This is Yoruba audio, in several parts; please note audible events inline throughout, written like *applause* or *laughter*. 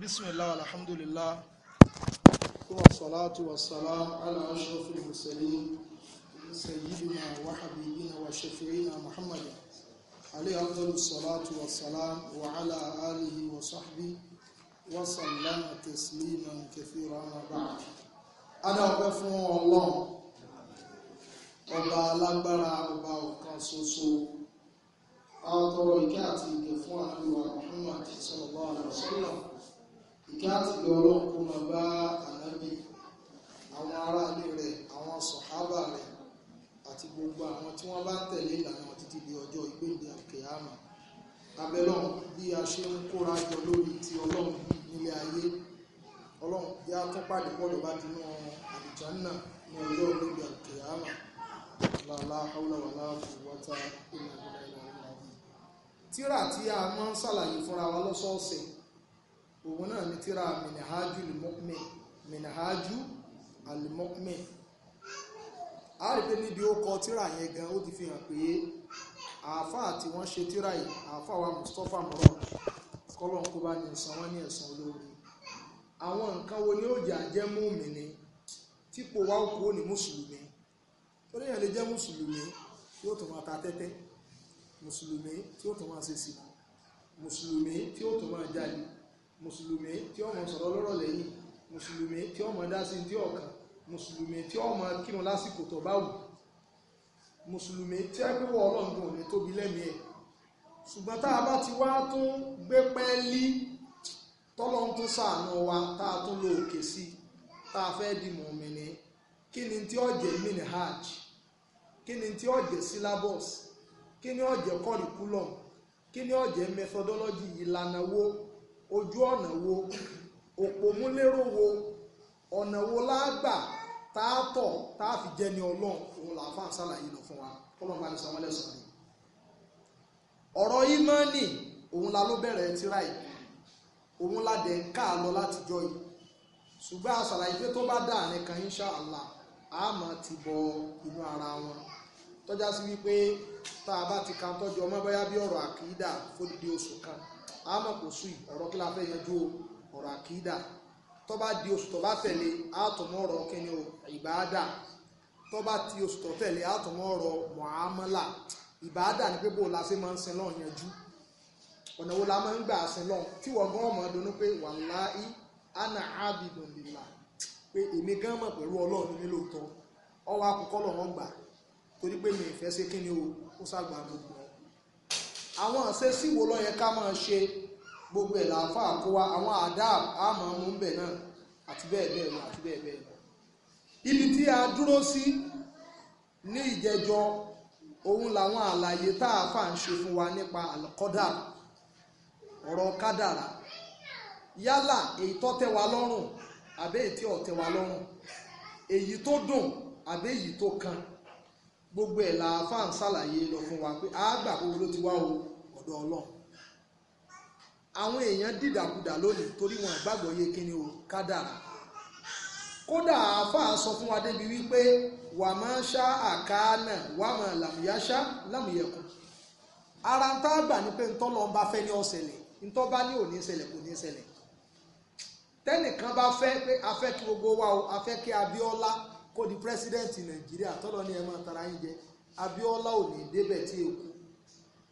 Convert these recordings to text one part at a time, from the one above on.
bisimilah alhamdulilah wa salatu wa salam ala ashrafil mursalin sayyidina wa habibina wa shafi'ina muhammad alayhi afdalu salatu wa salam wa ala alihi wa sahbihi wa sallama tasliman kathiran wa ba'd ada ọpẹ́ fún Ọlọ́run ọba alágbára ọba ọ̀kan ṣoṣo àwọn tọrọ ìkẹ́ àti ìgẹ̀ fún àdúrà Muhammad sallallahu alaihi wasallam ìkẹ́ àti ìlú ọlọ́run kó máa bá ànábì àwọn aráalé rẹ̀ àwọn sọ̀hábà rẹ̀ àti gbogbo àwọn tí wọ́n bá ń tẹ̀lé ìlànà títí di ọjọ́ ìgbéǹde àkèámà abẹ́lọ́run bí a ṣe ń kóra jọ lórí ti ọlọ́run nílé ayé ọlọ́run yá tó pàdé pọ̀lú bá dínú àlùjánà ní ọjọ́ ìgbéǹde àkèámà làlá haúlà wà láàbù wọ́tá ìlànà ìlànà ìlànà tíra tí a máa ń ṣàlàyé fúnra wa lọ́sọ̀ọ̀sẹ̀ òun náà ni tíra mìnìhájú al-mu'min mìnìhájú al-mu'min a rí pé níbi ó kọ tíra yẹn gan ó ti fi hàn pé àáfàá tí wọ́n ṣe tíra yìí àáfàá wa Mustapha mọ́rọ́ kọ́lọ́n kó bá ní ẹ̀sán wọn ní ẹ̀sán olóore àwọn nǹkan wo ni ó jà jẹ́ mùmínì típò wa ó kúrò ní mùsùlùmí torí èèyàn lè jẹ́ mùsùlùmí tí ó tún máa ta tẹ́tẹ́ mùsùlùmí tí ó tún máa ṣe sìnà mùsùlùmí tí ó tún máa jáde mùsùlùmí tí ó mọ̀ sọ̀rọ̀ lọ́rọ̀ lẹ́yìn mùsùlùmí tí ó mọ̀ dá sí tí ọ̀kan mùsùlùmí tí ó mọ̀ kírun lásìkò tó bá wù mùsùlùmí tí ó pé wọ́n ọlọ́ndùn ní tóbi lẹ́mìí ẹ̀ ṣùgbọ́n tá a bá ti wá tún gbé pẹ́ẹ́lí tọ́lọ́ ń tún sàánú wa tá a tún lo sí tá a fẹ́ di mọ̀mìnì kí ni tí ó jẹ́ mini hajj kí ni tí ó jẹ́ syllabus kí ni ó jẹ́ curriculum kí ni ó jẹ́ methodology ìlànà wo ojú ọ̀nà wo òpómúlérò wo ọ̀nà wo lágbà tààtọ̀ tààfi jẹ́ ní ọlọ́run òun làáfà sàlàyé lọ fún wa ọlọ́run sọ yìí ọ̀rọ̀ nì òun la ló bẹ̀rẹ̀ tíra yìí òun la dẹ̀ ń ká lọ látijọ́ yìí ṣùgbọ́n a pé tó bá dà ní kan insha a ti bọ inú ara wọn tọ́já sí wípé tá a bá ti a kò sùn ọ̀rọ̀ kí la fẹ́ yanjú o ọ̀rọ̀ akida tọba di oṣù tó bá tẹ̀lé àtọ̀mọ́ ọ̀rọ̀ kíni o ìbáàdà tó bá ti oṣù tó tẹ̀lé àtọ̀mọ́ ọ̀rọ̀ ni pé bó la ṣe máa ń sin lọ́hùn yanjú ọ̀nà wo la máa ń gbà sin ana pé èmi gan mọ̀ pẹ̀lú ọlọ́run nílò àwọn àṣeṣí wo ló yẹ ká máa ṣe gbogbo ẹ̀ làáfàá kó wa àwọn àdáàb àmọ́ mú ń bẹ̀ náà àti bẹ́ẹ̀ bẹ́ẹ̀ lọ àti bẹ́ẹ̀ bẹ́ẹ̀ lọ. ibi tí a dúró sí ní ìjẹjọ òun làwọn àlàyé tá a fà ń ṣe fún wa nípa àlọ́kọ́dà ọ̀rọ̀ kádàrà yálà èyí tó tẹ́ wa lọ́rùn àbẹ́ èyí tí ò tẹ́ wa lọ́rùn èyí tó dùn àbẹ́ èyí tó kan gbogbo ẹ̀ la fáà ń ṣàlàyé lọ fún wa pé àgbà owó ló ti wá o ọ̀dọ̀ ọlọ́run àwọn èèyàn dìdàkudà lónìí torí wọn àgbàgbọ́ yé kíni o kádàrà kódà àáfàá sọ fún wa débi wípé wà máa ń ṣá àkáánà wà máa làmúyáṣá lámúyẹ̀kùn ara ń tá àgbà ní pé ntọ́lọ́ ń bá fẹ́ ní ọ̀sẹ̀lẹ̀ ntọ́ bá ní òní ṣẹlẹ̀ kò ní ṣẹlẹ̀ tẹ́nìkan bá fẹ́ pé a fẹ́ kí gbogbo wa o a fẹ́ kí Abíọ́lá kó di pírẹsidẹ́ǹtì nàìjíríà tọ́lọ́ ní ẹ máa tara yín jẹ abiola ò ní débẹ̀ tí eku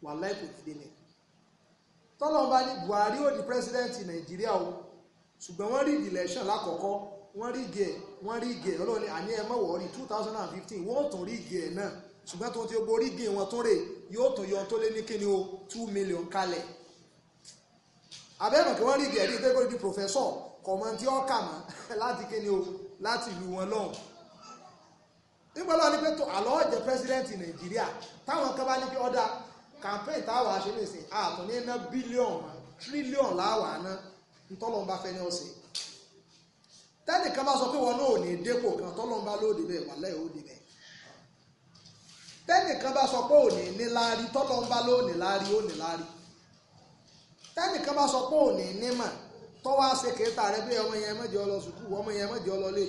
wàláì kò ti délẹ̀ tọ́lọ́ bá ní buhari ò di pírẹsidẹ́ǹtì nàìjíríà o ṣùgbọ́n wọ́n rí ìdìlẹ̀ṣàn lákọ̀ọ́kọ́ wọ́n rí ìgẹ̀ wọ́n rí ìgẹ̀ ọlọ́ọ̀ni àní ẹ mọ̀ wọ́ọ̀rí two thousand and fifteen wọ́n tún rí ìgẹ̀ náà ṣùgbọ́n tó ti borí ìgẹ̀ wọn tó rè yóò tún yọ tó lé ní kíni o two million kalẹ̀ abẹ́rùn kí wọ́n rí ìgẹ̀ rí ìgbẹ́gbẹ́ di professor kọ̀mọ́ntì ọ̀kà mọ́ *laughs* láti kíni o láti ìlú wọn lọ́hùn nígbà lọ́wọ́ ní pé àlọ́ jẹ́ president nàìjíríà táwọn kan bá ní pé ọ̀dà campaign táwa ṣe lè sìn ààtò ní ná bílíọ̀nù tírílíọ̀nù láwà ná ntọ́lọ́n bá fẹ́ ní ọ̀sẹ̀ tẹ́nìkan bá sọ pé wọn náà ò ní dépò kan tọ́lọ́n bá lóde bẹ́ẹ̀ wà lẹ́yìn òde bẹ́ẹ̀ tẹ́nìkan bá sọ pé ò ní ní láárí tọ́lọ́n bá lóde láárí ó ní láárí tẹ́nìkan bá sọ pé ò ní ní màá tọ́wọ́ àṣekèéta rẹ bí ọmọ yẹn mẹ́jọ lọ sùkúù ọmọ yẹn mẹ́jọ lọ lé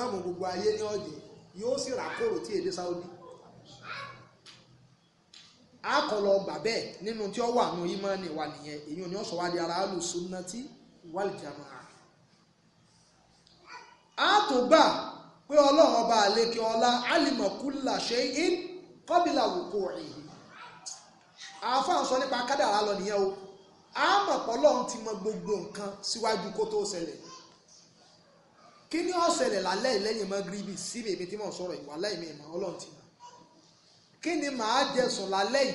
ọmọ gbogbo ayé ní ọ̀jẹ̀ yóò sì ràkòrò tí èdè Saudi akọlọ ọgbà bẹ́ẹ̀ nínú tí ó wà wà nìyẹn èyí ò ní ọ̀sọ̀ wa di ara pé ọba àlekè ọlá alimakula ṣe in kọ́bìlà wòkó rẹ̀ nípa kádàrá lọ nìyẹn o àmọ́ pọ́lọ́run ti gbogbo nǹkan síwájú kó tó ṣẹlẹ̀ kí ni lálẹ́ ìlẹ́yìn tí mò ń sọ̀rọ̀ ìwà láìmí ìmọ̀ ọlọ́run ti mọ̀ kí ni màá jẹ sùn lálẹ́ yìí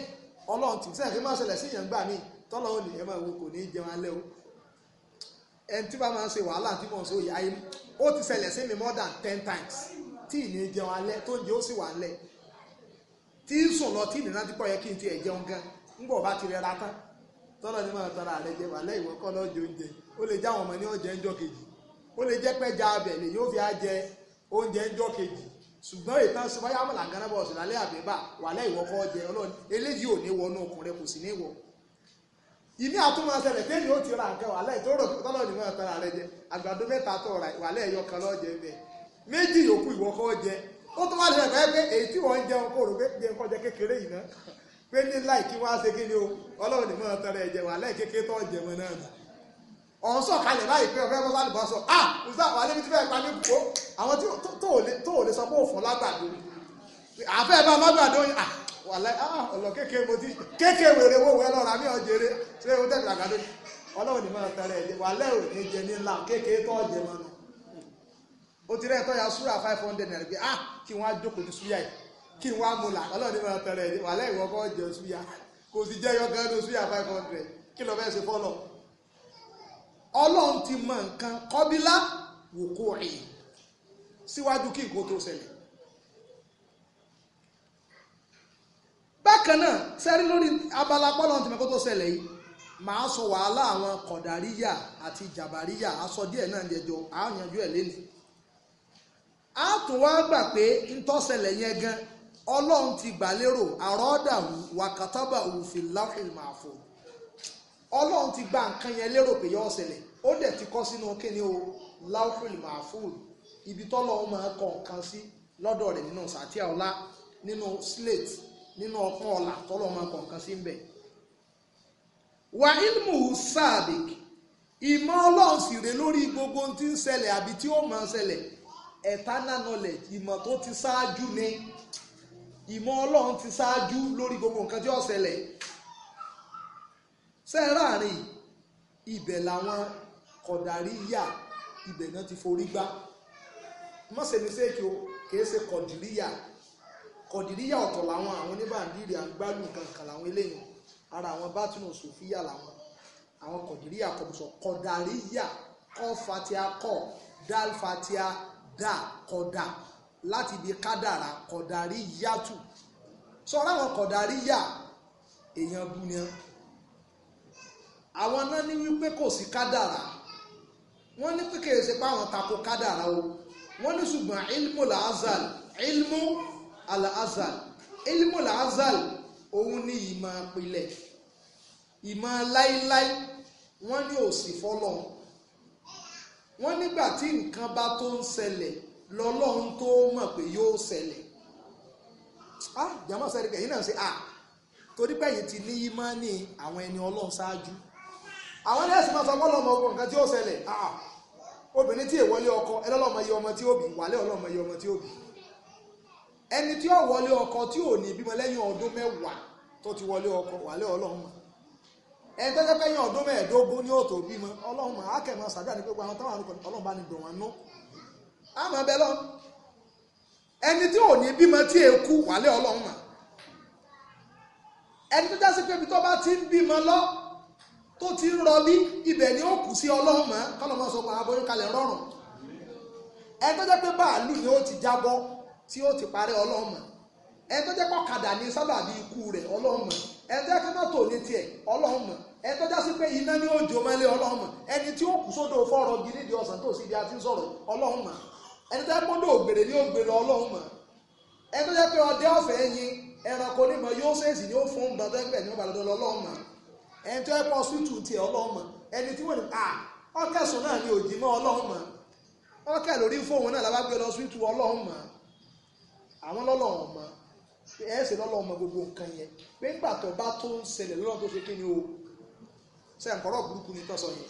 ọlọ́run ti sẹ́yìn kí máa ṣẹlẹ̀ sí gbà mí wo kò ní í jẹun alẹ́ o ẹni tí bá máa ń ṣe wàhálà tí mò ti ṣẹlẹ̀ sí mi more than ten times tí ì ní jẹun alẹ́ tó ń jẹ ó sì wà ńlẹ̀ tí ń sùn lọ tí ì ní pọ̀ yẹ kí n ti ẹ̀ jẹun gan tọ́lọ̀ ní máa tọ́ra rẹ jẹ wàlẹ́ ìwọ kọ́ lọ́ọ́ jẹ oúnjẹ ó lè jáwọn ọmọ ní ọ̀jẹ̀ ńjọ́ kejì ó lè jẹ́ abẹ̀ lè yóò fi jẹ oúnjẹ kejì ṣùgbọ́n ìtàn jẹ ọlọ́ọ̀ni eléyìí wọ. ìní àtúmọ̀ ó ti ra jẹ àgbàdo mẹ́ta tọ̀ ra wàlẹ́ ẹ̀yọ pé ní láìkí wá ṣe ni o ọlọ́run ní mọ́ra tọrọ ẹ̀jẹ̀ wà láì tó na. mọ́ náà ọ̀hún sọ̀ kalẹ̀ láì pé ọ̀fẹ́ sọ ah ọ̀sá wà níbi tí fẹ́ẹ́ pa ní kúkó àwọn tó ò lè sọ pé lágbàdo àfẹ́ bá mágbàdo yín ah, wà ah, ọ̀lọ́ mo ti wèrè wẹ́ lọ́ra ṣé o tẹ̀lé ọlọ́run ní ẹ̀jẹ̀ wà jẹ ní ńlá kí n wá mu là ọlọ́ọ̀ni máa tẹ̀rẹ̀ ẹ̀jẹ̀ wàhálà ìwọ kọ́ jẹ kò sì jẹ́ yọ ní súyà five hundred kí ló fẹ́ ṣe fọ́lọ̀ ọlọ́run ti mọ nǹkan kọ́bílá wò kó rìn síwájú kí nǹkan tó ṣẹlẹ̀ bákan náà sẹ́rí lórí abala pọ́lọ́run ti mọ kó tó ṣẹlẹ̀ yìí màá sọ wàhálà àwọn kọ̀dàríyà àti jàbàríyà aṣọ díẹ̀ náà jẹjọ àá ẹ̀ lẹ́nu a tún wá gbà pé ntọ́sẹ̀lẹ̀ yẹn gan ọlọ́run ti gbà lérò àrọ́dàwù wàkàtàbà òfin láfin màfò ọlọ́run ti gba nǹkan yẹn lérò pé yọ ọ̀sẹ̀lẹ̀ ó dẹ̀ ti kọ́ sínú kíni o láfin màfò ibi tọ́lọ́run máa kọ nǹkan sí lọ́dọ̀ rẹ̀ nínú sàtíà ọlá nínú slate nínú ọpọ́n ọ̀la tọ́lọ́run máa kọ nǹkan sí ń bẹ̀. wà ilmu sabiq ìmọ̀ ọlọ́run sì rè lórí gbogbo tí ń ṣẹlẹ̀ àbí tí ó máa ṣẹlẹ̀ eternal knowledge ìmọ̀ tó ti ṣáájú ni ìmọ̀ ọlọ́run ti ṣáájú lórí gbogbo nǹkan tí ó ṣẹlẹ̀ sẹ́ẹ̀ráàrin ibẹ̀ làwọn kọ̀dàrí yà ibẹ̀ náà ti forí gbá mọ́sẹ̀ ní sẹ́ẹ̀kì o kìí ṣe kọ̀dìríyà kọ̀dìríyà ọ̀tọ̀ làwọn àwọn oníbàndìrì àgbálù kankan làwọn eléyìí ara àwọn bátìnù sòfíà làwọn àwọn kọ̀dìríyà kọ̀bùsọ̀ kọ̀dàríyà kọ́ fatia kọ́ dal fatia dà kọ̀dà. Da, láti ibi kádàrà kọ̀dàrí yàtù sọ̀rọ̀ àwọn kọ̀dàrí yà èèyàn bu ni àwọn náà ní wípé kò sí kádàrà wọ́n ní pé kèrè ṣe pé àwọn tako kádàrà o wọ́n ní ṣùgbọ́n ilmu làázàl ilmu àlàázàl ilmu làázàl òun ni ìmọ̀ àpilẹ̀ ìmọ̀ láíláí wọ́n ní òsì fọ́lọ́ wọ́n nígbà tí nǹkan bá tó ń ṣẹlẹ̀ lọ́lọ́run tó mọ̀ pé yóò ṣẹlẹ̀ ah jama sọ ẹ̀ríkẹ́ yìí náà ṣe ah torí ti ní àwọn ẹni ọlọ́run ṣáájú àwọn ẹni ẹ̀sìn máa sọ ọgbọ̀n nǹkan tí ṣẹlẹ̀ ah obìnrin tí ọkọ ọmọ tí ó wàlẹ́ ọmọ tí ó ẹni tí ọkọ tí ò ní bímọ lẹ́yìn ọdún mẹ́wàá ti wọlé ọkọ wàlẹ́ ẹni ọdún ni ó tó bímọ sàdúrà ní pé gbogbo àwọn táwọn àrùn ama abẹ́ ẹni tí ò ní bímọ tí è kú wàlẹ́ ọlọ́run mà ẹni tó jásí pé ibi tó bá ti ń lọ tó ti ń rọbí ibẹ̀ ni ó kù sí ọlọ́run sọ pé aboyún kalẹ̀ rọrùn ẹni tó jẹ́ pé báàlù ni ó ti jábọ́ tí ó ti ọlọ́run ẹni tó jẹ́ pé ọ̀kadà ni ikú rẹ̀ ọlọ́run ẹni tó jẹ́ pé mọ́tò tiẹ̀ di ọ̀sán tó sì di ati sọ̀rọ̀ ọlọ́run ẹni tó yẹ kó lóògbèrè ní ògbèrè ọlọ́run mọ̀ ẹni tó yẹ pé ọdẹ ọ̀fẹ́ yin ẹranko onímọ̀ yóò ṣèṣì ní ó fún un dandan ẹgbẹ́ ní ọ̀bàdàn ọlọ́run mọ̀ ẹni tó yẹ kó ọsùtù tiẹ̀ ọlọ́run mọ̀ ẹni tí wọ́n ní à ọ̀kẹ́sùn náà ni òjì mọ́ ọlọ́run mọ̀ ọ̀kẹ́ lórí fóun náà lábàgbé lọ sùtù ọlọ́run mọ̀ àwọn lọ́lọ́run mọ̀ ẹ̀ẹ́sẹ̀ lọ́lọ́run mọ̀ gbogbo nǹkan yẹn pé ńgbà tó bá tó ń ṣẹlẹ̀ lọ́lọ́run tó ṣe kí ni o ṣe àǹkọ́rọ̀ burúkú ni tọ́sọ yẹn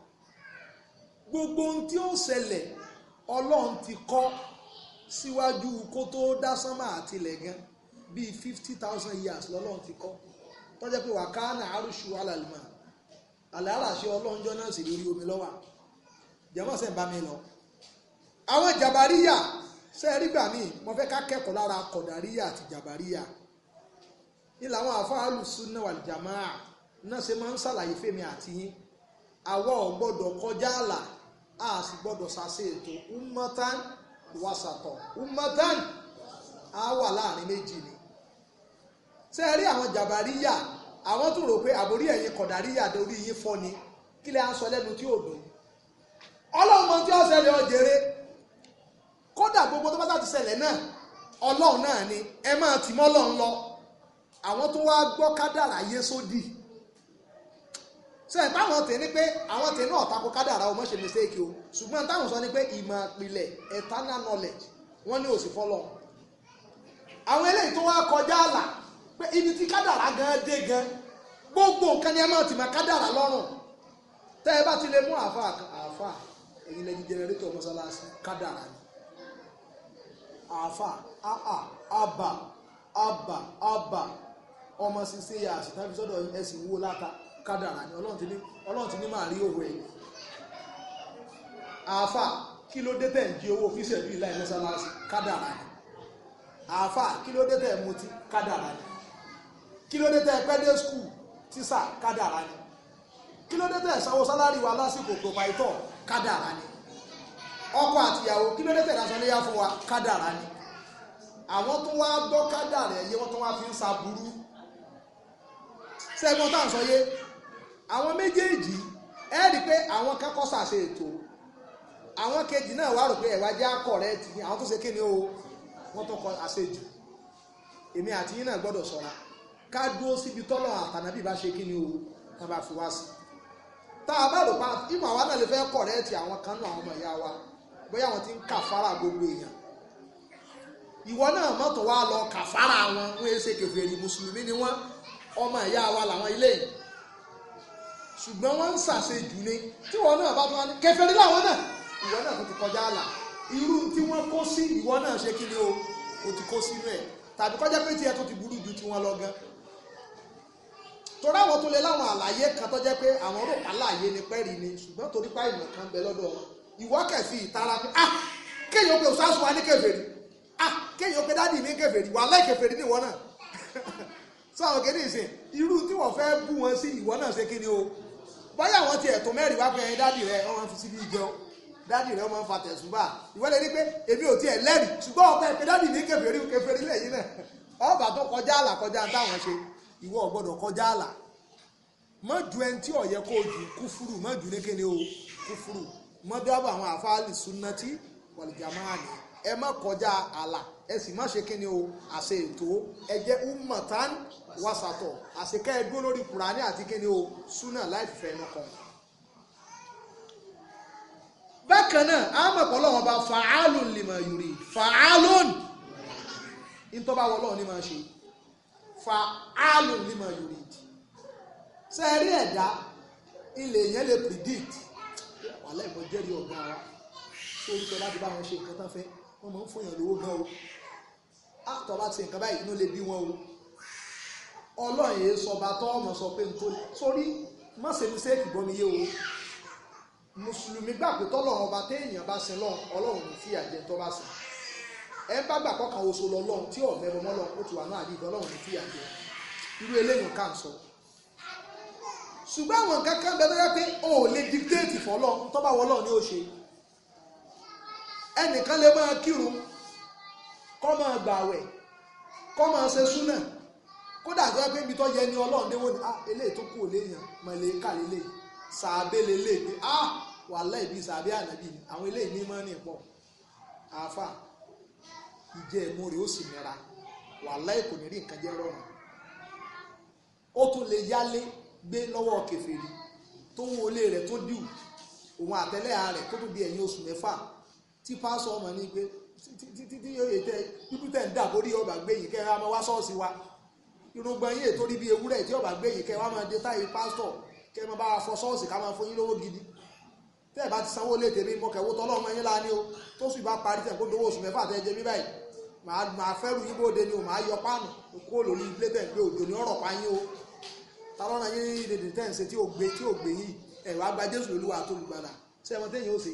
gbogbo ohun tí ó ṣẹlẹ̀ ọlọ́run ti kọ́ síwájú kó tó dá sánmà àtilẹ̀ gan bíi fifty thousand years lọ́lọ́run ti kọ́ tọ́jẹ́ pé wàkánà arúṣu alàlùmọ́ àlàáṣẹ ọlọ́njọ́ náà sì lórí omi lọ́wà jẹ́mọ́ sẹ́ ń bá mi lọ. àwọn jàbáríyà ṣe é rígbà míì mo fẹ́ ká kẹ́kọ̀ọ́ lára kọ̀dáríyà àti jàbáríyà ní làwọn àfáàlù súnà wàlìjàmáà náà ṣe máa ń ṣàlàyé fèmí àti yín gbọ́dọ̀ kọjá àlà a sì gbọ́dọ̀ ṣàṣe ètò umatan wasatọ̀ umatan a wà láàrin méjì ni ṣe rí àwọn jàbáríyà àwọn tó rò pé àbórí ẹ̀yin kọ̀dáríyà dorí yín fọ́ ni kí lè à ń sọ lẹ́nu tí ò dùn ọlọ́run mọ tí ó ṣẹlẹ̀ ọ̀jẹ̀rẹ̀ kódà gbogbo tó bá ti ṣẹlẹ̀ náà ọlọ́run náà ni ẹ máa tì mọ́ ọlọ́run lọ àwọn tó wá gbọ́ kádàrá yé sódì. So sọ ẹ̀ ní pé àwọn tẹ náà tako kádàrá o mistake o ṣùgbọ́n táwọn sọ ni pé ìmọ̀ ìpìlẹ̀ eternal knowledge wọ́n ní òsì fọ́lọ́ àwọn eléyìí tó wá kọjá àlà pé ibi tí gan dé gan gbogbo nǹkan ni ẹ máa ti máa lọ́rùn tẹ́ ẹ bá ti lè mú ẹ̀yin lẹ́yìn jẹnẹrétọ̀ mọ́sálásí ni àà àbà àbà àbà ọmọ sísè yà àṣìtàn kádàrà ni ọlọ́run ti ní ọlọ́run ti ní máa rí òwe àáfà kí ló dé tẹ̀ ń jí owó fíṣẹ̀ bí ilá ìmọ́sálásí kádàrà ni àáfà kí ló dé tẹ̀ mutí kádàrà ni kí ló dé tẹ̀ pẹ́dẹ́ skul tíṣà kádàrà ni kí ló dé tẹ̀ sanwó sálárì wa lásìkò pòpáìtọ̀ kádàrà ni ọkọ àtìyàwó kí ló dé tẹ̀ dasọ léyà fún wa kádàrà ni àwọn tó wá gbọ́ kádàrà ẹ̀yẹ wọ́n tó wá fi ń sa burú sẹ́gbọ́n tá à ń sọ yé àwọn méjèèjì ẹ rí i pé àwọn kan kọ́ sàṣe ètò àwọn kejì náà wà rò pé ẹ̀wá jẹ́ àkọ̀rẹ́ o wọ́n tó kọ àṣejù èmi àti yín náà gbọ́dọ̀ ṣọ́ra ká dúró síbi tọ́lọ̀ bá ṣe kíni o tá a bá fi wá sí tá a bá rò pa ìmọ̀ àwa náà lè fẹ́ kọ̀rẹ́ ti àwọn kan náà àwọn ọmọ ìyá gbogbo èèyàn ìwọ náà mọ́tò wa lọ wọn wọ́n ṣe mùsùlùmí ni wọ́n ọmọ ìyá wa làwọn ṣùgbọ́n wọ́n ń ṣàṣejù ni tí wọ́n náà bá tó wá ní kèfèrí làwọn náà ìwọ náà tó ti kọjá àlà irú tí wọ́n kó sí ìwọ náà ṣe kí ni o o ti kó sínú ẹ̀ tàbí kọjá pé tiẹ̀ tó ti burú ju tiwọn lọ gan torí àwọn tó lé láwọn àlàyé kan tó jẹ́ pé àwọn rò pàlàyé ni pẹ́rì ni ṣùgbọ́n torí pa ìmọ̀ kan bẹ lọ́dọ̀ wọn ìwọ kẹfì ìtara pé ah kéèyàn pé òṣàṣù wa ní kèfèrí ah kéèyàn pé dádì ní kèfèrí wà láì kèfèrí ní ìwọ náà sọ *laughs* àwọn kéde ìsìn irú tí wọ́n fẹ́ bú wọn sí ìwọ náà ṣe kí ni o bóyá àwọn ti ẹ̀tún mẹ́rin wá pé dádì rẹ ọmọ fi síbi ìjẹun dádì rẹ ọmọ fa tẹ̀sùbà ìwé lè ní pé èmi ò tiẹ̀ lẹ́rìí ṣùgbọ́n ọ̀pẹ pé dádì ní kèfèrí kèfèrí lẹ́yìn náà ọba tó kọjá àlà kọjá táwọn ṣe ìwọ ò gbọ́dọ̀ kọjá àlà mọ́ ju ẹni tí ó yẹ kó o jù kúfúrú mọ́ ju ní kéde o kúfúrú mọ́ dábọ̀ àwọn àfáàlì sunnati wal jama'a nìyẹn ẹ má kọjá àlà ẹ sì má ṣe kíni o àṣẹ ètò ẹ jẹ́ umatan wasatọ àṣekẹ́ ẹ dúró lórí kùránì àti kíni o suna láì fẹ́ ẹnu kan. bákan náà a mọ̀ bá fàálùn lima yuri fàálùn ìtọ́ba wọlọ́ọ̀ ni máa ṣe fàálùn lima yuri sẹ́ẹ̀rí ẹ̀dá ilé yẹn lè predict wàhálà ìmọ̀ jẹ́rìí ọ̀gá wa sórí pé láti bá wọn ṣe nǹkan tán fẹ́ wọ́n máa ń fòyàn lówó gan o àtọ̀ bá ti nǹkan báyìí inú lè bí wọn o ọlọ́run yìí sọ bá tọ́ ọmọ sọ pé nítorí sórí má ṣe ní sẹ́ẹ̀kì gbọ́ mi yé o mùsùlùmí gbà pé tọ́lọ́run ọba téèyàn bá sin lọ́run ọlọ́run ní fìyà jẹ tó bá sin ẹ bá gbà kọ́kàn oṣù lọ lọ́run tí ọ̀mẹ́ ọmọ lọ́run ó ti wà náà àdìgbọ́ ọlọ́run ní fìyà jẹ irú eléyìí ká ń sọ ṣùgbọ́n àwọn nǹkan kan bẹ́ẹ̀ bẹ́ẹ̀ pé o ò lè dictate fọ́lọ́ tó bá wọ́lọ́ ni ó ṣe ẹnìkan lè máa kírun kọ́ máa gbààwẹ̀ kọ́ máa ṣe súnà kódà tó yẹ pé ibi tó ni ọlọ́run ni ah eléyìí tó kú ò léèyàn mọ̀lẹ́kà lélẹ̀ sàbẹ̀ lélẹ̀ pé ah wàhálà ìbí sàbẹ̀ ànábì ni àwọn eléyìí ní mọ́ni pọ̀ àáfà ìjẹ́ ó sì nira wàhálà ní rí nǹkan jẹ́ rọrùn ó tún lè yálé gbé lọ́wọ́ tó ń wọlé rẹ̀ tó dìú òun rẹ̀ tó tún ẹ̀yìn oṣù tí pásọ ọmọ ní pé títí yóò tẹ bíbí tẹ̀ ń dà bórí ọba gbé yìí kẹ́ ẹ máa wá ṣọ́ọ̀ṣì wa irúgbọ́n yìí ètò rí bí ewúrẹ́ tí ọba gbé yìí kẹ́ ẹ wá máa dé táyì pásọ kẹ́ ẹ máa bá wa fọ ṣọ́ọ̀ṣì ká máa fún yín lówó gidi tẹ́ ẹ bá ti sanwó lé tèmi mọ kẹ́wó tọ́lọ́ ọmọ yín láàánú o tó sì bá parí tẹ̀ kó dowó oṣù mẹ́fà tẹ́ jẹ mí báyìí màá fẹ́rù yín bóde ni o màá yọ páànù kó lórí ilé tẹ̀ pé òjò ní ọ̀rọ̀ pa o talọ́nà yín dèdè tẹ̀ ń ṣe tí ò gbé yìí ẹ̀rọ agbá Jésù tó lùgbàdà sẹ́wọ̀n téèyàn ó ṣe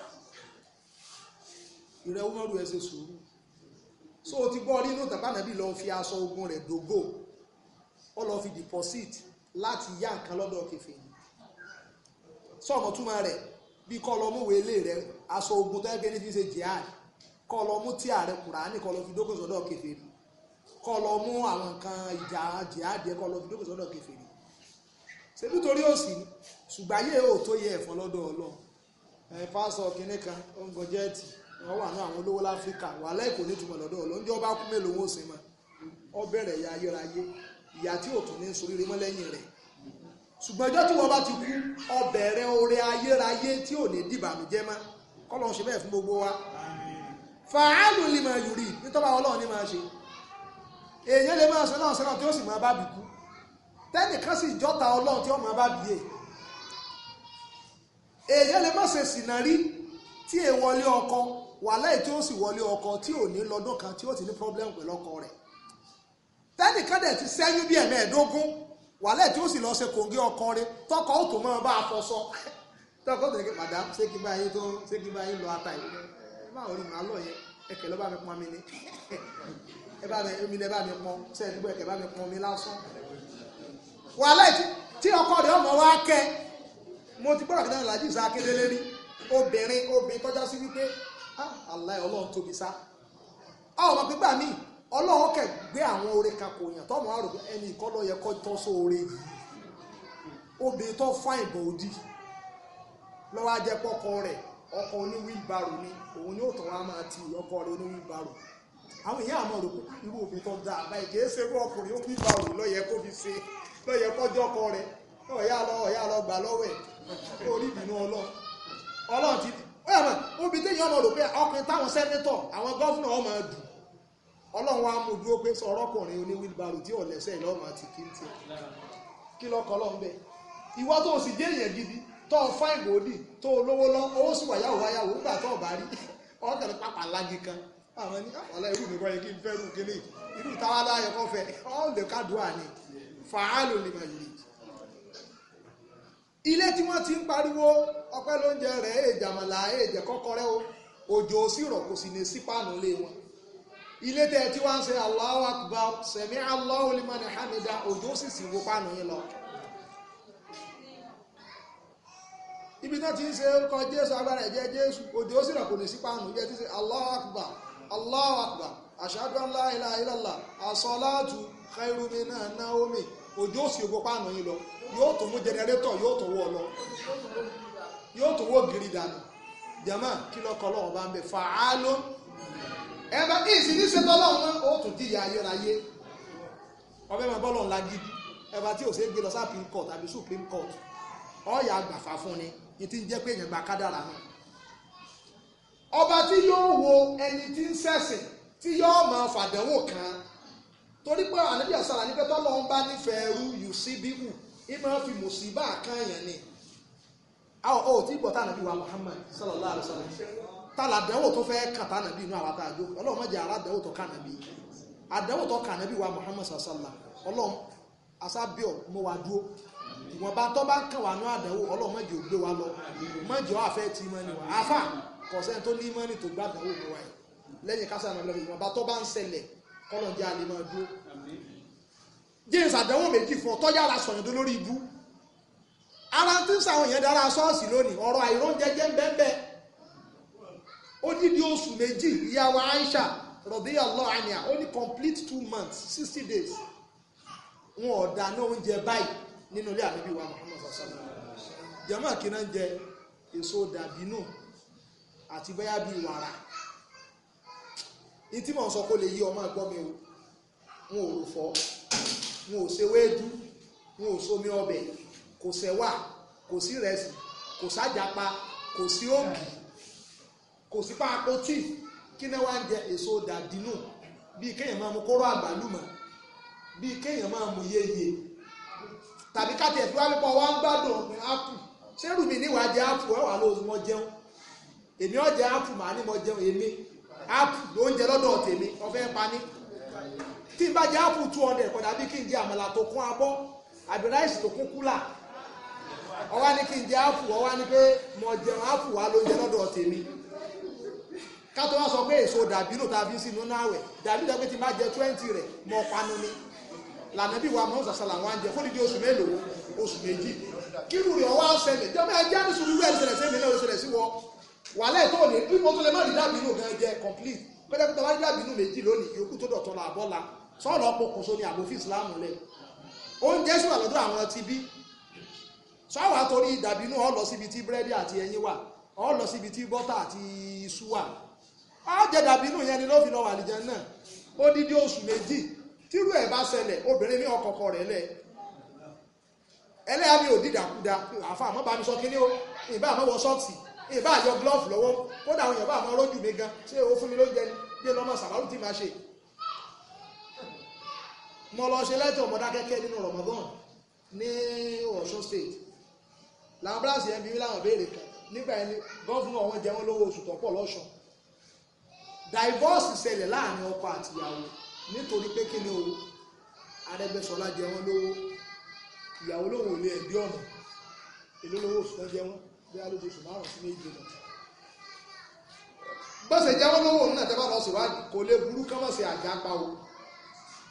ìrẹ́ Umaru ẹ sùúrù so o ti gbọ́ rí inú tàbá nàbí lọ fi aṣọ ogun rẹ̀ dògò ó lọ fi deposit láti yá nǹkan lọ́dọ̀ kẹfẹ́ yìí sọ̀mọ́ túmọ̀ rẹ̀ bí kọ́ lọ mú wẹ́lẹ́ rẹ̀ aṣọ ogun tó ẹgbẹ́ ní fi ṣe jihad kọ́ lọ mú tí ààrẹ Kùránì kọ́ lọ fi dókò sọ́dọ̀ kẹfẹ́ yìí kọ́ lọ mú àwọn nǹkan ìjà jihad yẹ kọ́ lọ fi dókò sọ́dọ̀ kẹfẹ́ yìí ṣe nítorí òsì ṣùgbáyé ò tó yẹ ẹ̀fọ́ lọ́dọ̀ Ọlọ́run ẹ̀ pásọ̀ kínní ó ń gọjẹ́ẹ̀tì wọ́n wà náà àwọn olówó láfíríkà wàhálà èkó ní ìtumọ̀ lọ́dọ̀ ọlọ́njọ́ bá kú mélòó wọn ò sìn mọ́ ọ bẹ̀rẹ̀ ya ayérayé ìyá tí òtún ní sórí rí mọ́ lẹ́yìn rẹ̀ ṣùgbọ́n ọjọ́ tí wọ́n bá ti kú ọ bẹ̀rẹ̀ oore ayérayé tí ò ní dìbànújẹ́ mọ́ kọ́lọ́n ṣe bẹ́ẹ̀ fún gbogbo wa fàálù ni màá yùrì nítorí àwọn ọlọ́run ni màá ṣe èèyàn lè máa sọ náà sọ́nà tí ó sì máa bá bì kú tẹ́nìkan sì jọ́ta ọlọ́run tí ó máa bá bì yé èèyàn lè má ṣe wàhálà tí ó sì wọlé ọkọ tí ò ní lọ́dún kan tí ó ti ní problem pẹ̀lú ọkọ rẹ̀ tẹ́nìkan dẹ̀ ti sẹ́yún bí ẹ̀mẹ́ẹ̀dógún wàhálà tí ó sì lọ́ọ́ ṣe kòǹgé ọkọ rẹ̀ tọkọ ó tó mọ́ bá a fọṣọ *laughs* tọkọ tó ní kí madam ṣé kí bá yín tó ṣé kí bá yín lọ ata yìí ẹ má rí màá lọ yẹn ẹkẹ ló bá mi pọn mi ni *laughs* ẹ bá mi omi lẹ bá mi pọn ṣe ẹdúgbò ẹkẹ bá mi pọn mi lásán wàhálà tí ọkọ rẹ̀ ọmọ wa kẹ mo ti gbọ́dọ̀ kí náà làjú ìsá akédélé rí obìnrin obìnrin tọ́já sí wípé aláì ọlọ́run tóbi sá àwọn ọmọ pípa mi ọlọ́run kẹ̀ gbé àwọn yàn àrò ẹni ìkọ́ lọ yẹ kọ́ tọ́ yìí obìnrin tó fá ìbọn òdì lọ́wọ́ ajẹ́ pọ́kọ rẹ̀ ni òun ni ó tọ̀ wá máa ti rẹ̀ àwọn èèyàn àmọ́ irú obìnrin tó dáa báyìí kì í ṣe irú ọkùnrin ó kó fi ṣe ọkọ rẹ̀ gbà orí ìbínú ti ẹ̀mọ̀ obì téèyàn ọmọ rò pé ọkùnrin táwọn sẹ́nẹ́tọ̀ àwọn gọ́fúnà ọmọ dùn ọlọ́run wa mú dúró pé sọ̀rọ̀kùnrin oní wheelbarrow tí ọ̀lẹ́sẹ̀ lọ́mọ ti kí ń tẹ̀ kí lọ́kọ̀ lọ́n bẹ́ẹ̀ ìwọ tó o sì jẹ́ èèyàn gidi tó o fáìn gòdì tó o lówó lọ owó sì wàyáwó wáyáwó nígbà tó o bá rí *laughs* ọ̀kẹ́rẹ́ pápá lági kan àwọn ní àpàlà ah, irú mi kọ́ yẹ kí n fẹ́ rú kíní irú táwa láyẹ kọ́ fẹ́ ọ́n lè kádùá ni fàálù ni màá ilé tí wọ́n ti ń pariwo ọpẹ́ lóúnjẹ rẹ̀ èjàmọ̀lá èjẹ̀ kọ́kọ́rẹ́ o òjò sì rọ̀ kò sì ní sí lé wọn ilé Akbar sẹ̀mí òjò sì sì wo lọ. ibi tó ti ń ṣe ń kọ jésù agbára ẹ̀jẹ̀ jésù òjò sì rọ̀ kò ní sí ṣe Akbar Allahu Akbar ashhadu an yóò tó mú jẹnẹrétọ̀ yóò tó wọ́ lọ yóò tó wọ́ gírí dànù jama kí lọ́kọ́ lọ́wọ́ bá ń bẹ fàálù ẹ̀bá kí ìsìnkú ṣètò ọlọ́run náà ó tún jìyà ayérayé ọbẹ̀ máa bọ́lọ̀ ńlá gidi ẹ̀bá tí ò ṣe gbé lọ sápìn court àbí supreme court ọ̀yà àgbàfà fún ni ní ti ń jẹ́ pé èèyàn gba kádàrà hàn ọba tí yóò wo ẹni tí ń ṣẹ̀sìn tí yóò máa fàdánwò kan torí pé ànábìyà sára nípẹ́ tọ́lọ́ ń bá nífẹ̀ẹ́ rú yùsíbíhù ìmọ̀ fi mùsíbà káyàn ni àwọn ò tí gbọ́ tànàbí wa Muhammad sallallahu alaihi wasallam tàlàdánwò tó fẹ́ kàn tànàbí inú àwọn àtàjò ọlọ́run má jẹ́ aládánwò tó kànàbí àdánwò tó kànàbí wa Muhammad sallallahu alaihi wasallam ọlọ́run asábíọ̀ mọ́ wa dúró ìwọ̀nba tó bá ń kàn wá ní àdánwò ọlọ́run má jẹ́ ògbé wa lọ má jẹ́ ọ́ àfẹ́ tí mọ́ni wa àfà kọ̀sẹ́ tó ní mọ́ni tó gbàdánwò mọ́ wa yìí lẹ́yìn james àdánwò méjì fún ọ tó yára sọ̀yàn tó lórí ibú ara tí ń sàwọn èèyàn dára ṣọ́ọ̀ṣì lónìí ọ̀rọ̀ àìrán jẹjẹ ń bẹ́ẹ̀ ó dídí oṣù méjì ìyàwó Aisha rọ̀bíyà lọ́ọ̀ánìà ó ní complete two months sixty days wọn ò dáná oúnjẹ báyìí nínú ilé àbíbí wa Muhammad sasana jẹ́mọ́ kí náà ń jẹ èso dàbínú àti bóyá bíi wàrà ní tí mò ń sọ kó lè yí ọmọ ẹ̀gbọ́n mi wọn ò rò fọ́ wọn ò ṣe wéédú wọn ò somi ọbẹ̀ kò sẹ́wà kò sí rẹsì kò sájàpa kò sí ògì kò sí pápó tí kí náà wá ń jẹ èso dàbínù bíi kéèyàn máa mu kóró àgbálùmọ̀ bíi kéèyàn máa mu yeye tàbí ká tiẹ̀ fi wá pípọ̀ wá ń gbádùn ọ̀gbìn ápù ṣé rúmi níwàá jẹ ápù ẹ̀ wà lóhùn jẹun èmi ọ̀jẹ̀ ápù màá ní mọ́ jẹun èmi ápù ló lọ́dọ̀ tèmi ọ̀fẹ́ pa ní tí n bá jẹ apple two hundred kò dàbí kí n jẹ àmàlà tó kún abọ́ àbí ráìsì tó kún kúlà ọwá ní kí n jẹ apple ọwá ní pé mo jẹun apple wa ló ń jẹ lọ́dọ̀ tèmi ká tó wá sọ pé èso dàbínù tá a fi ń sinú náà wẹ̀ dàbí dàbí tí n bá jẹ twenty rẹ̀ mọ panu ni lànà bí wa mọ̀ sàṣà làwọn àjẹ fún ìdí oṣù mélòó oṣù méjì kírù rẹ̀ ọwọ́ ṣẹlẹ̀ jọba ẹjẹ́ àdúsù rúrú ẹ̀ ṣẹlẹ̀ sẹ́mi náà ṣẹlẹ̀ sí wọ wàhálẹ̀ tó lè bí mo tó lè má rí dàbínù gan jẹ complete pẹ́ẹ́dẹ́gbẹ́ta wá rí dàbínù méjì lónìí yòókù tó dọ̀tọ̀ làbọ́ la sọ́ọ̀lọ́ pokùnso ni àbòfin ìsìláàmù lẹ̀ oúnjẹ sì wà lọ́dọ̀ àwọn ti bí sọ́ọ̀wá torí dàbínú ọ lọ síbi tí búrẹ́dì àti ẹyin wà ọ lọ síbi tí bọ́tà àti iṣu wà ọ jẹ dàbínú yẹn ni ló fi lọ wà lìjẹ náà ó dídí oṣù méjì tírú ẹ̀ bá ṣẹlẹ̀ obìnrin ní ọkọ̀ọ̀kọ̀ rẹ̀ lẹ̀ ẹlẹ́yà mi ò dídàkudà àfa àmọ́ bá mi sọ kínní o ìbá àmọ́ wọ ṣọ́ọ̀tì ìbá àyọ glove lọ́wọ́ kódà àwọn èèyàn bá àmọ́ rójú mi gan ṣé o fún mi lóúnjẹ ni bí ọlọ́mọ sàbárù ti máa ṣe mo lọ ṣe lẹ́tọ̀ Mọdákẹ́kẹ́ nínú Ramadan ní Ọ̀ṣun state làwọn bíláàsì yẹn bí mi láwọn béèrè kan nígbà yẹn ni gọ́fúnà wọn jẹ wọn lówó oṣù tọ́pọ̀ lọ́sùn divorce ṣẹlẹ̀ láàrin ọkọ àtìyàwó nítorí pé kí ni o Arẹ́gbẹ́ṣọlá jẹ wọn lówó ìyàwó lòun ò lè ẹ̀dí ọ̀nà èló lówó oṣù tó jẹ wọn bí a ló ti oṣù márùn sí méje lọ. bọ́sẹ̀ jẹ́ wọn lówó òun náà tẹ́ bá lọ síwájú kò lè burú kán mọ̀ o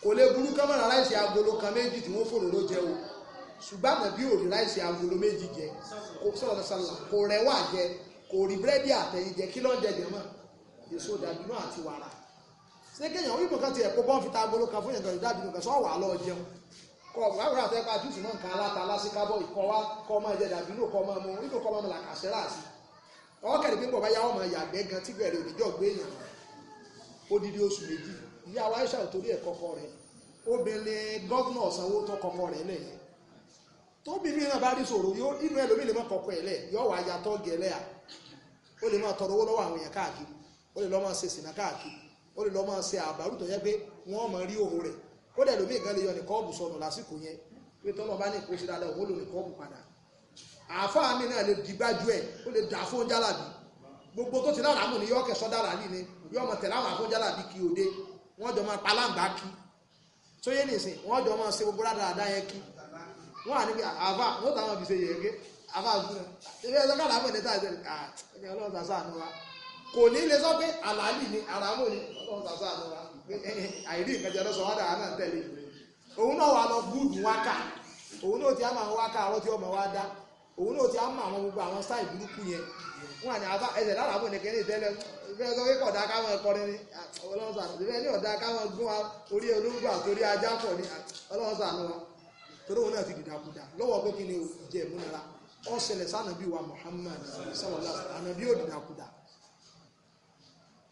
kò lè burú kán mọ̀ràn láìsí agolo kan méjì tí wọ́n fòrò ló jẹ o ṣùgbọ́n àbí òrì láìsí agolo méjì jẹ kò sọ̀rọ̀ sàlà kò rẹwà jẹ kò rí búrẹ́dì àtẹ̀yìn jẹ kí ló ń jẹ jẹ mọ́ èso dàbínú àti wàrà ṣé kéèyàn wípé kan ti ẹ̀kọ́ bọ́ǹfì ta agolo kan fún ìyàtọ̀ ìdàbínú kan sọ wà lọ jẹun kọ wàhùrà tẹ pa júùsù náà kan aláta lásìkò bọ ìkọ wa kọ ọmọ ẹjẹ dàbínú kọ ọmọ mu wípé kọ ọmọ mi là kà sẹ́rà sí pé bọ̀ bá yà ọmọ yàgbẹ́ gan tí bẹ̀rẹ̀ òdìjọ́ gbé èèyàn odidi oṣù méjì ìyá wa Aisha ò torí ẹ̀ kọkọ rẹ̀ obìnrin gọ́vnà ọ̀sánwó tó kọkọ rẹ̀ lẹ̀ yẹn tóbi bá rí ṣòro inú ẹ lómi lè má kọkọ ẹ lẹ̀ yọ wà yàtọ̀ gẹ̀lẹ́ à ó lè máa tọrọ owó lọ́wọ́ àwọn èèyàn káàkiri ó lè lọ́ máa ṣe sìnà káàkiri ó lè lọ́ máa ṣe àbárù tó yẹ pé wọ́n máa rí òhò rẹ̀ ó dẹ̀ lómi ìgbàlè yọ sọnù lásìkò yẹn pé bá ní ìkó dáadáa padà náà lè di gbájú ó lè dà fún jálàbí gbogbo tó ti yọ ọkẹ sọdá wọ́n jọ máa pa aláǹgbá kí tó nìsín wọ́n jọ máa ṣe gbogbo rádaràdá yẹn kí wọ́n à bí àfà wọ́n tàwọn fi ṣe yẹ̀ẹ́gẹ́ àfà àfúnà ebi ẹ̀sọ́ ká làwọn ẹ̀dẹ́ta ẹ̀sẹ̀ ẹ̀ ọlọ́run sàṣà àánú wa kò ní lè sọ pé àlàálì ni àràmù ni ọlọ́run sàṣà àánú wa àìrí nǹkan jẹ́ lọ́sọ̀ náà tẹ̀lé òun náà wà lọ gúdù wákà òun náà ti á máa wákà ọmọ wa dá òun náà ti á mọ àwọn gbogbo àwọn sáì burúkú yẹn wọn àti lára nìkan ní káwọn ni ọlọ́run sànù ìfẹ́ ní ọ̀dá káwọn gún orí olóńgbò àtòrí ajá pọ̀ ni ọlọ́run sànù wa torí òun náà ti dìdàkudà lọ́wọ́ pé kí ni ìjẹ́ ọ ó ṣẹlẹ̀ sànàbí wa Muhammad sọlọ́lá ànàbí ò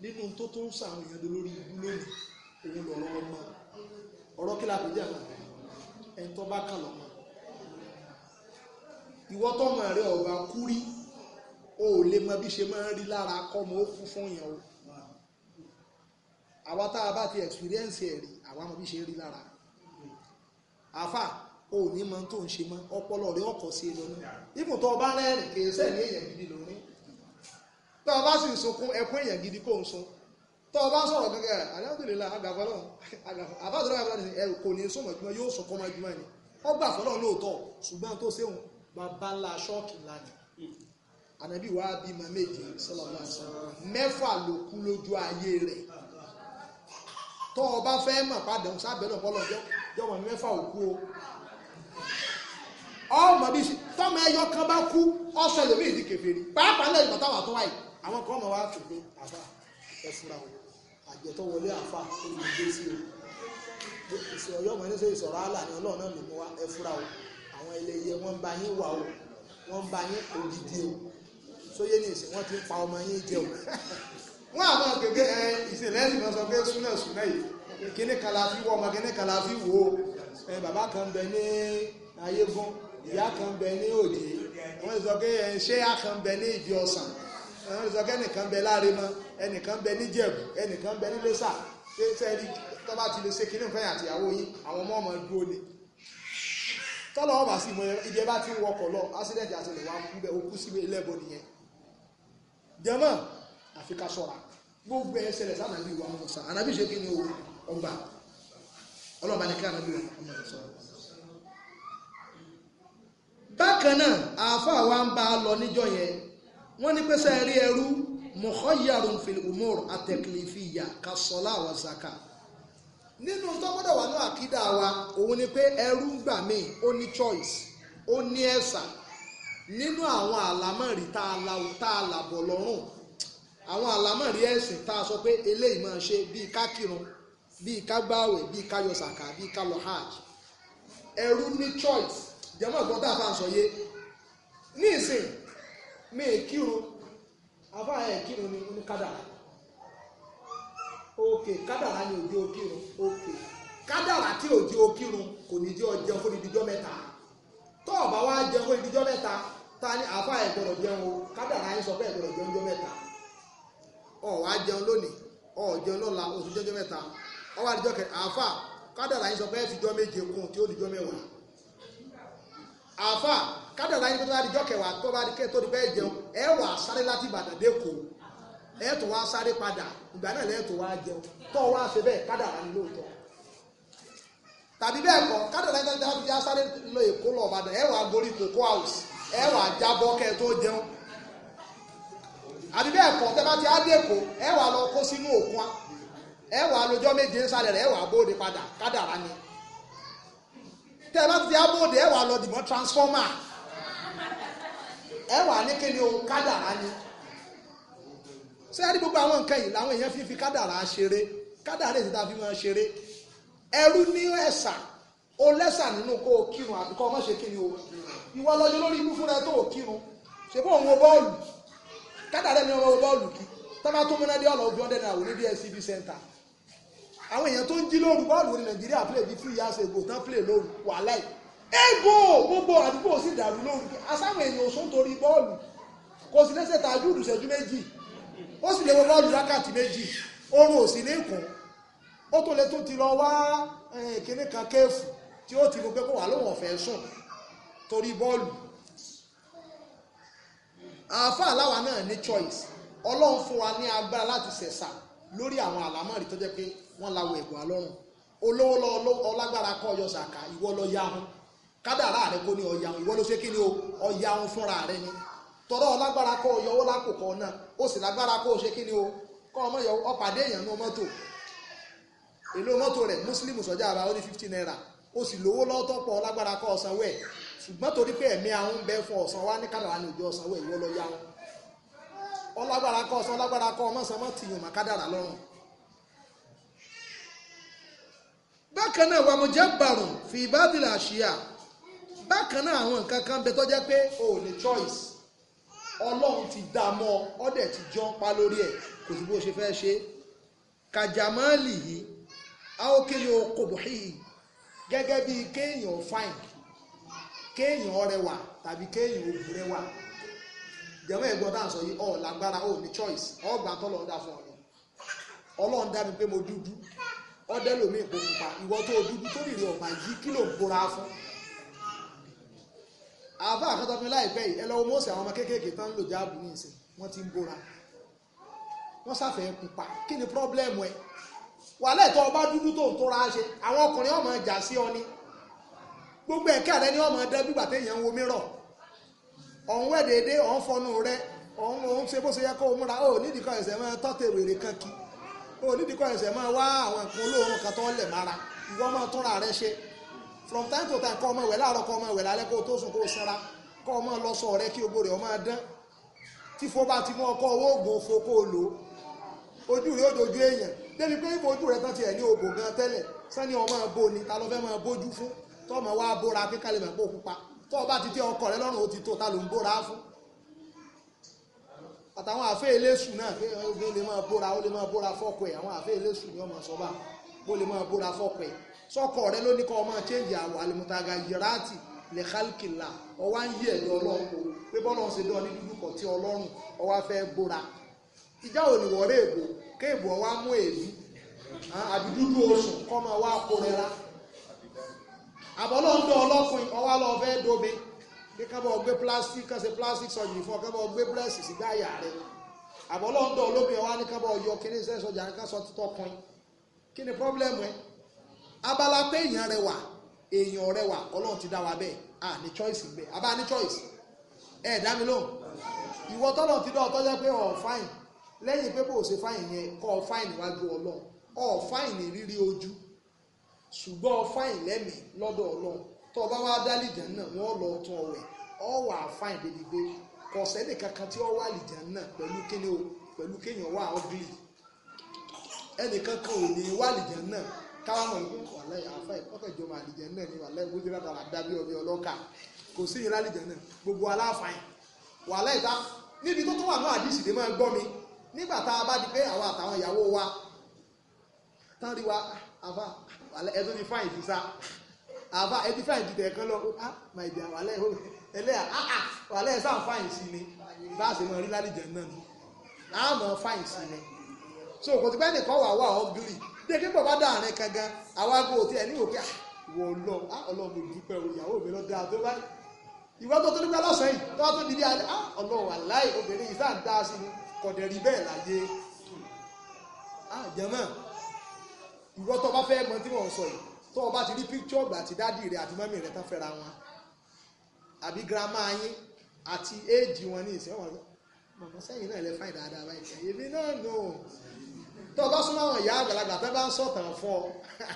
nínú tó tó ìwọ tọmọ rẹ ọba kú rí o ò lè mọ bí ṣe máa ń rí lára kọmọ ó kú fún yẹn o àwa tá a bá ti experience ẹ̀ rí àwa mọ bí ṣe rí lára àfà o ò ní mọ tó ń ṣe mọ ọpọlọ rẹ ọkọ sí i lọ náà ipò tó o bá rẹ́rìn kì í sẹ́ ní èèyàn gidi lórí tó o bá sì ń sunkún ẹkún èèyàn gidi kó ń sun tó o bá sọ̀rọ̀ gẹ́gẹ́ alhamdulillah àgbàfọ́ náà àbá àdúrà àbúrò ẹ̀ kò ní sọ̀mọ̀ jùmọ̀ yóò sunkún ọmọ jùmọ̀ ni ọgbà fọ́lọ́ lóòótọ́ ṣùgbọ́n tó ṣéun bàbá ńlá ṣọ́ọ̀kì lánàá ànábì wàá bímọ méje sọlọ́lá sọ mẹ́fà ló kú lójú ayé rẹ̀ tó o bá fẹ́ mọ̀ padà ń sábẹ́ náà bọ́lọ̀ jọmọ ní mẹ́fà ò kú o ọmọ bíi tọmọ ẹyọ kan bá kú ọsọ ẹlòmí ìdí kẹfẹẹri pàápàá lẹ́yìn bàtà wà tó wáyé àwọn kan mọ̀ wá fìdí àfà ẹ fura o àjẹtọ wọlé àfà olùdíje sí o ìṣòro ọmọ ẹni sọ ìṣòro àlà ni Ọlọ́run náà ló mú wá ẹ o àwọn ẹlẹ́yẹ wọ́n ń ba yín wà o wọ́n ń ba yín òdìdí o sóyè ní ìsìn wọ́n ti ń pa ọmọ yín jẹ o. wọ́n àwọn gègé ẹ ìsìnlẹ̀ ẹ̀sìn náà sọ pé súnà súnà yìí kíní kan la fi wọ́ ọmọ kíní kan la fi wò ó ẹ bàbá kan bẹ ní ayégún ìyá kan bẹ ní òde wọ́n sọ pé ẹ ṣé a kan bẹ ní ìdí ọ̀sán wọ́n sọ pé ẹnìkan bẹ láàrẹ̀mọ ẹnìkan bẹ níjẹ̀bù ẹnìkan bẹ nílẹ̀ṣà ṣé sẹ́ẹ̀rì tó bá ti lè ṣe kíní fẹ́yìn àtìyàwó yìí àwọn ọmọ ọmọ dúró tọ́lọ̀ ọba sí ìmọ̀ ibi ẹbá tí ń wọkọ̀ lọ accident àti ìlẹ̀wà ibẹ̀ okú sí ilé ẹbọ nìyẹn jẹ́mọ́ àfi ká ṣọ́ra gbogbo ẹ̀ ṣẹlẹ̀ sáà nàbí ìwà ọmọ sá ànábì ṣe kí ni o ọgbà ọlọ́ba ní kí ànábì ọmọ ẹ̀ sọ. bákan náà àáfàá wa ń bá a lọ níjọ yẹn wọ́n ní pẹ́sẹ́ rí ẹrú mọ̀kọ́ yàrá òǹfẹ̀lẹ̀ òmùr àtẹ̀kìlìfìyà kásọ̀lá nínú tó gbọ́dọ̀ wà ní àkídà wa òun ni pé ẹrú ń gbà míì ó ní choice ó ní ẹ̀sà nínú àwọn àlámọ̀rí tá a la tá a là bọ̀ lọ́rùn àwọn àlámọ̀rí ẹ̀sìn tá a sọ pé eléyìí máa ṣe bíi ká bíi ká bíi ká bíi ká ẹrú ní choice jẹ́mọ̀ gbọ́n tá a fà ń sọ yé ní ìsìn mi ì kírun afáà ẹ̀ kírun ni oníkádàá ok kádàrá ni òjò okírun ok kádàrá tí òjò okírun kò ní jẹ́ ọjẹun fún ìdíjọ́ mẹ́ta tó o bá wá jẹun fún ìdíjọ́ mẹ́ta ta ni àfa ẹ̀ gbọ́dọ̀ jẹun o kádàrá yín sọ pé ẹ̀ gbọ́dọ̀ jẹun jọ mẹ́ta ọ̀ wá jẹun lónìí ọ̀ jẹun lọ́la oṣù jẹjọ mẹ́ta ọ wá díjọ́ kẹrin àfa kádàrá yín sọ pé ẹ̀ fi jọ méje kún tí ó díjọ́ mẹ́wàá àfa kádàrá yín tó bá díjọ́ kẹwàá tó bá díjọ́ tó di bẹ́ẹ̀ jẹun ẹ̀ wà sáré láti Ìbàdàn dé Èkó ẹ̀ tó sáré padà ìgbà náà lẹ́ẹ̀ tó jẹun tó wá ṣe bẹ́ẹ̀ kádàrá ni lóòótọ́ tàbí bẹ́ẹ̀ kọ́ kádàrá ni lóòótọ́ fi sáré lọ èkó lọ ọ̀bàdàn ẹ̀ wà gorí ẹ̀ wà jábọ́ kẹ́ tó jẹun àbí bẹ́ẹ̀ kọ́ ti ẹ̀ wà lọ kó sínú òkun ẹ̀ wà lọ́jọ́ méje rẹ̀ ẹ̀ wà bóde padà ni ṣé ẹ rí gbogbo àwọn nǹkan yìí làwọn èèyàn fi fi kádàrá ṣeré kádàrá èsì tá a fi máa ṣeré ẹrú ní ẹ̀sà ó lẹ́sà nínú kó o kírun àbí kó o má ṣe kírun o ìwọ lọ́jọ́ lórí ibú fúnra tó o kírun ṣe bó òun wo bọ́ọ̀lù kádàrá ni ọmọ wo bọ́ọ̀lù kí tọ́ba tó múná dé ọ̀lọ́ òbí ọ̀dẹ́ náà wò ní DSCB center àwọn èèyàn tó ń jí lóru bọ́ọ̀lù ní Nàìjíríà play bí three years ago tán play lóru wàhálà yìí ego gbogbo àdúgbò sì dàrú lóru asáwọn èèyàn ò sún torí bọ́ọ̀lù kò sí lẹ́sẹ̀ tàjú ìdùsẹ̀jú méjì ó sì lè wọ bọ́ọ̀lù lákàtí méjì oorun ò sì ní ìkùn ó tó lè tó ti lọ wá kíní kan kéèfù tí ó ti mú pé kó wà lóhùn ọ̀fẹ́ sùn torí bọ́ọ̀lù àáfàá láwa náà ní choice ọlọ́run fún wa ní agbára láti ṣẹ̀ṣà lórí àwọn àlámọ̀rí tó jẹ́ pé wọ́n lawọ ẹ̀gbọ́n alọ́run olówó lọ ọlágbára kọ́ ọyọ sàkà ìwọ lọ yahun kádàrá rẹ kó ní ọyahun ìwọ ló ṣe kí ni o ọyahun fúnra rẹ ni tọrọ lágbára kọ yọwọ́ lápò kọ náà ó sì lágbára kọ ṣe kí ni o kọ ọmọ yọwọ́ ọpàdé èèyàn ní mọ́tò èlò mọ́tò rẹ mùsùlùmù sọ́jà àbá ó ní fifty naira ó sì lówó lọ́tọ́ pọ̀ lágbára kọ ọ̀sánwó ẹ̀ ṣùgbọ́n torí pé ẹ̀mí àwọn ń bẹ fún ọ̀sán wa ní kádàrá ní òjò ọ̀sánwó ìwọ lọ yá wọn ọlágbára kọ ọ̀sán ọlágbára kọ ọmọ àṣìyà bákan àwọn nǹkan ọlọ́run ti dá a mọ́ ọ dẹ̀ ti jọ́ ń pa lórí ẹ̀ kò sí bó ṣe fẹ́ ṣe kàjàmáàlì yìí aókèlè okòbòhì gẹ́gẹ́ bíi kéèyàn fáìn kéèyàn rẹwà tàbí kéèyàn òbí jẹ́wọ́ ẹ̀gbọ́n tá à ń sọ yìí ọ̀ lágbára ò ní choice ọgbà tọ́lọ̀ ń dá fún ọ ni ọlọ́run dá mi pé mo dúdú ọdẹ lómi ìpò pupa ìwọ tó dúdú tó rìnrìn ọ̀gbà àbá àkàtọ́ fún mi láìpẹ́ yìí ẹ lọ́wọ́ mọ́ọ̀sì àwọn ọmọ kéékèèké tán ń lò jáàbù ní ìsìn wọ́n ti ń bóra wọ́n sáfẹ́ pupa kí ni pírọ́blẹ́mù ẹ̀ wà lẹ́tọ́ ọba dúdú tó ń tóra ṣe àwọn ọkùnrin ọmọ ẹja sí ọ ni gbogbo ẹ̀kẹ́ rẹ ni ọmọ ẹdẹ bígbà téèyàn ń wo mírọ̀ ọ̀hún wẹ̀ déédé ọ̀hún fọnú rẹ ọ̀hún ọ̀hún ṣe bó ṣe yẹ kó o múra ó nídìí kan ẹ̀sẹ̀ máa tọ́tẹ̀ wèrè kan kí ó nídìí kan ẹ̀sẹ̀ máa wá àwọn nǹkan olóòórùn kan tó lẹ̀ mára ìwọ máa from time to time kọ́ ọmọ ìwẹ̀ láàárọ̀ kọ́ ọmọ ìwẹ̀ lálẹ́ kó o tó sùn kó o sanra kọ́ ọmọ lọ sọ ọ̀rẹ́ kí ogbó rẹ̀ ọmọ dán tí fo bá ti mú ọkọ owó oògùn ofo kó o lò ojú rẹ̀ ó dojú èèyàn débi pé ipò ojú rẹ̀ tán ti ẹ̀ ní oògùn gan tẹ́lẹ̀ sani ọmọ bo ni ta ló fẹ́ máa bójú fún tọ́mọ wa bóra pé kálí mọ̀ pé òkú pa tọ́ ọba ti tẹ ọkọ rẹ lọ́rùn ó tó ta ló ń bóra fún àtàwọn àfẹ́ ilé sùn náà pé obìnrin lè máa bóra ó lè máa bóra fọ́kọ ẹ̀ àwọn àfẹ́ ilé sùn ni ọmọ sọ báà kó lè máa búra fọ́kọ ẹ̀ sọ́kọ rẹ ló ní kọ́ ọmọ change àwọ̀ alimutaga yirati lè kálkìlà ọwá ń yí ẹ̀yọ ọlọ́run kò pé bọ́lá ń ṣe dán ní dúdú kọ̀ tí ọlọ́run ọwá fẹ́ búra ìjà ò ní wọ̀rẹ́ èbò kéèbò ọwá mú èlú àbí dúdú oṣù kọ́mọ wá kó rẹra àbọ̀lọ́ ń dán ọlọ́kùnrin ọwá lọ fẹ́ dóbe kí kábọ̀ gbé plastic kan ṣe plastic fún ọ kábọ̀ gbé breast sí gáyà rẹ àbọ̀lọ́ olóbìnrin ọwá ní kábọ̀ yọ kíní sẹ́sọ̀jà ká sọ títọ́kùnrin kí ni pọ́blẹ́mù ẹ abala pé èèyàn rẹwà èèyàn rẹwà ọlọ́run ti dá wa bẹ́ẹ̀ a ní choice gbẹ a bá ní choice ẹ dá mi lóhùn ìwọ tọ́lọ̀ ti dá ọtọ́ pé o ṣe fáìn yẹn kọ́ ọ fáìn ọlọ́run rírí ojú ṣùgbọ́n ọ fáìn lẹ́mìí lọ́dọ̀ ọlọ́run tó o bá wá dá náà wọ́n lọ tún wà débi tí ọ náà o pẹ̀lú kéèyàn wà ẹnìkan kan ò ní wàlìjẹ́ náà káwọn ọmọ ìpín kọ̀ lẹ́yìn àfa ìkọ́kẹ́ ìjọba àlìjẹ́ náà ní wàlẹ́ ìwúdí ládàrà dábí ọbẹ̀ ọlọ́kà kò sí yìí lálìjẹ́ náà gbogbo aláfààyàn wàlẹ́ ìta níbi tó tún wà náà àdìsí lè máa gbọ́ mi nígbà tá a bá di pé àwa àtàwọn ìyàwó wa tán rí wa àfa ẹ̀tún ní fáìn ti sá àfa ẹtí fáìn ti tẹ̀ kán lọ ah my dear wàlẹ́ ẹlẹ́yà ah ah wàlẹ́ ẹ̀ sáà fáìn sí ni bá a sì mọ̀ rí lálìjẹ́ náà ni àmọ́ fáìn sí ni so kò ti pẹ́ nìkan wà wà hungry dèké pọ̀ bá dàrin kankan àwọn aago òtí ẹ̀ níwò pé ah, wọ ọlọ́run á ah, ọlọ́run mo dúpẹ́ o ìyàwó mi lọ dáa tó bá ìwọ tó tó nípa lọ́sàn-án yìí tó wá tó dìde alẹ́ á ah, ọlọ́run aláì obìnrin yìí sáà ń dá sí ni kọ̀dẹ̀ rí bẹ́ẹ̀ láyé àjẹmọ́ ìwọ tó bá fẹ́ mọ tí wọ́n sọ yìí tó o bá ti rí picture ọgbà àti dádì rẹ àti mọ́mì rẹ tán fẹ́ra wọn àbí girama yín àti éèjì wọn ní ìsìn wọn mọ̀mọ́ sẹ́yìn náà lè fáìn dáadáa báyìí ẹ̀yẹ́bí náà nù. No tó o bá súnmọ́ àwọn ìyá àgbàlagbà tó bá ń sọ̀tàn fún ọ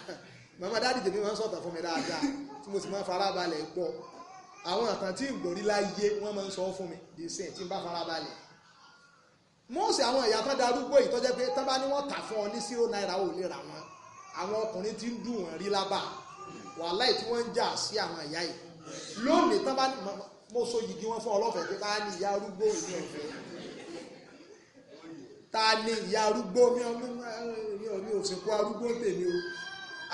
*laughs* màmá dáàdì tèmi máa ń sọ̀tàn fún mi dáadáa tí mo sì máa farabalẹ̀ gbọ́ àwọn àtàn tí ìgbòrí láyé wọ́n máa ń sọ fún mi the same tí n bá farabalẹ̀ mọ́ọ̀sì àwọn ìyá tó darúgbó yìí tó jẹ́ pé tó bá ní wọ́n tà fún ọ ní zero náírà ò lè rà wọ́n àwọn ọkùnrin tí ń dùn wọ́n rí lábà wàláì tí wọ́n ń jà sí àwọn ìyá yìí lónìí tó bá mo so yìgì wọn fún ọlọ́fẹ̀ẹ́ pé ká ìyá arúgbó ìlú ọ̀fẹ́ ta ni ìyá arúgbó mi mi ò sìnkú arúgbó tèmi o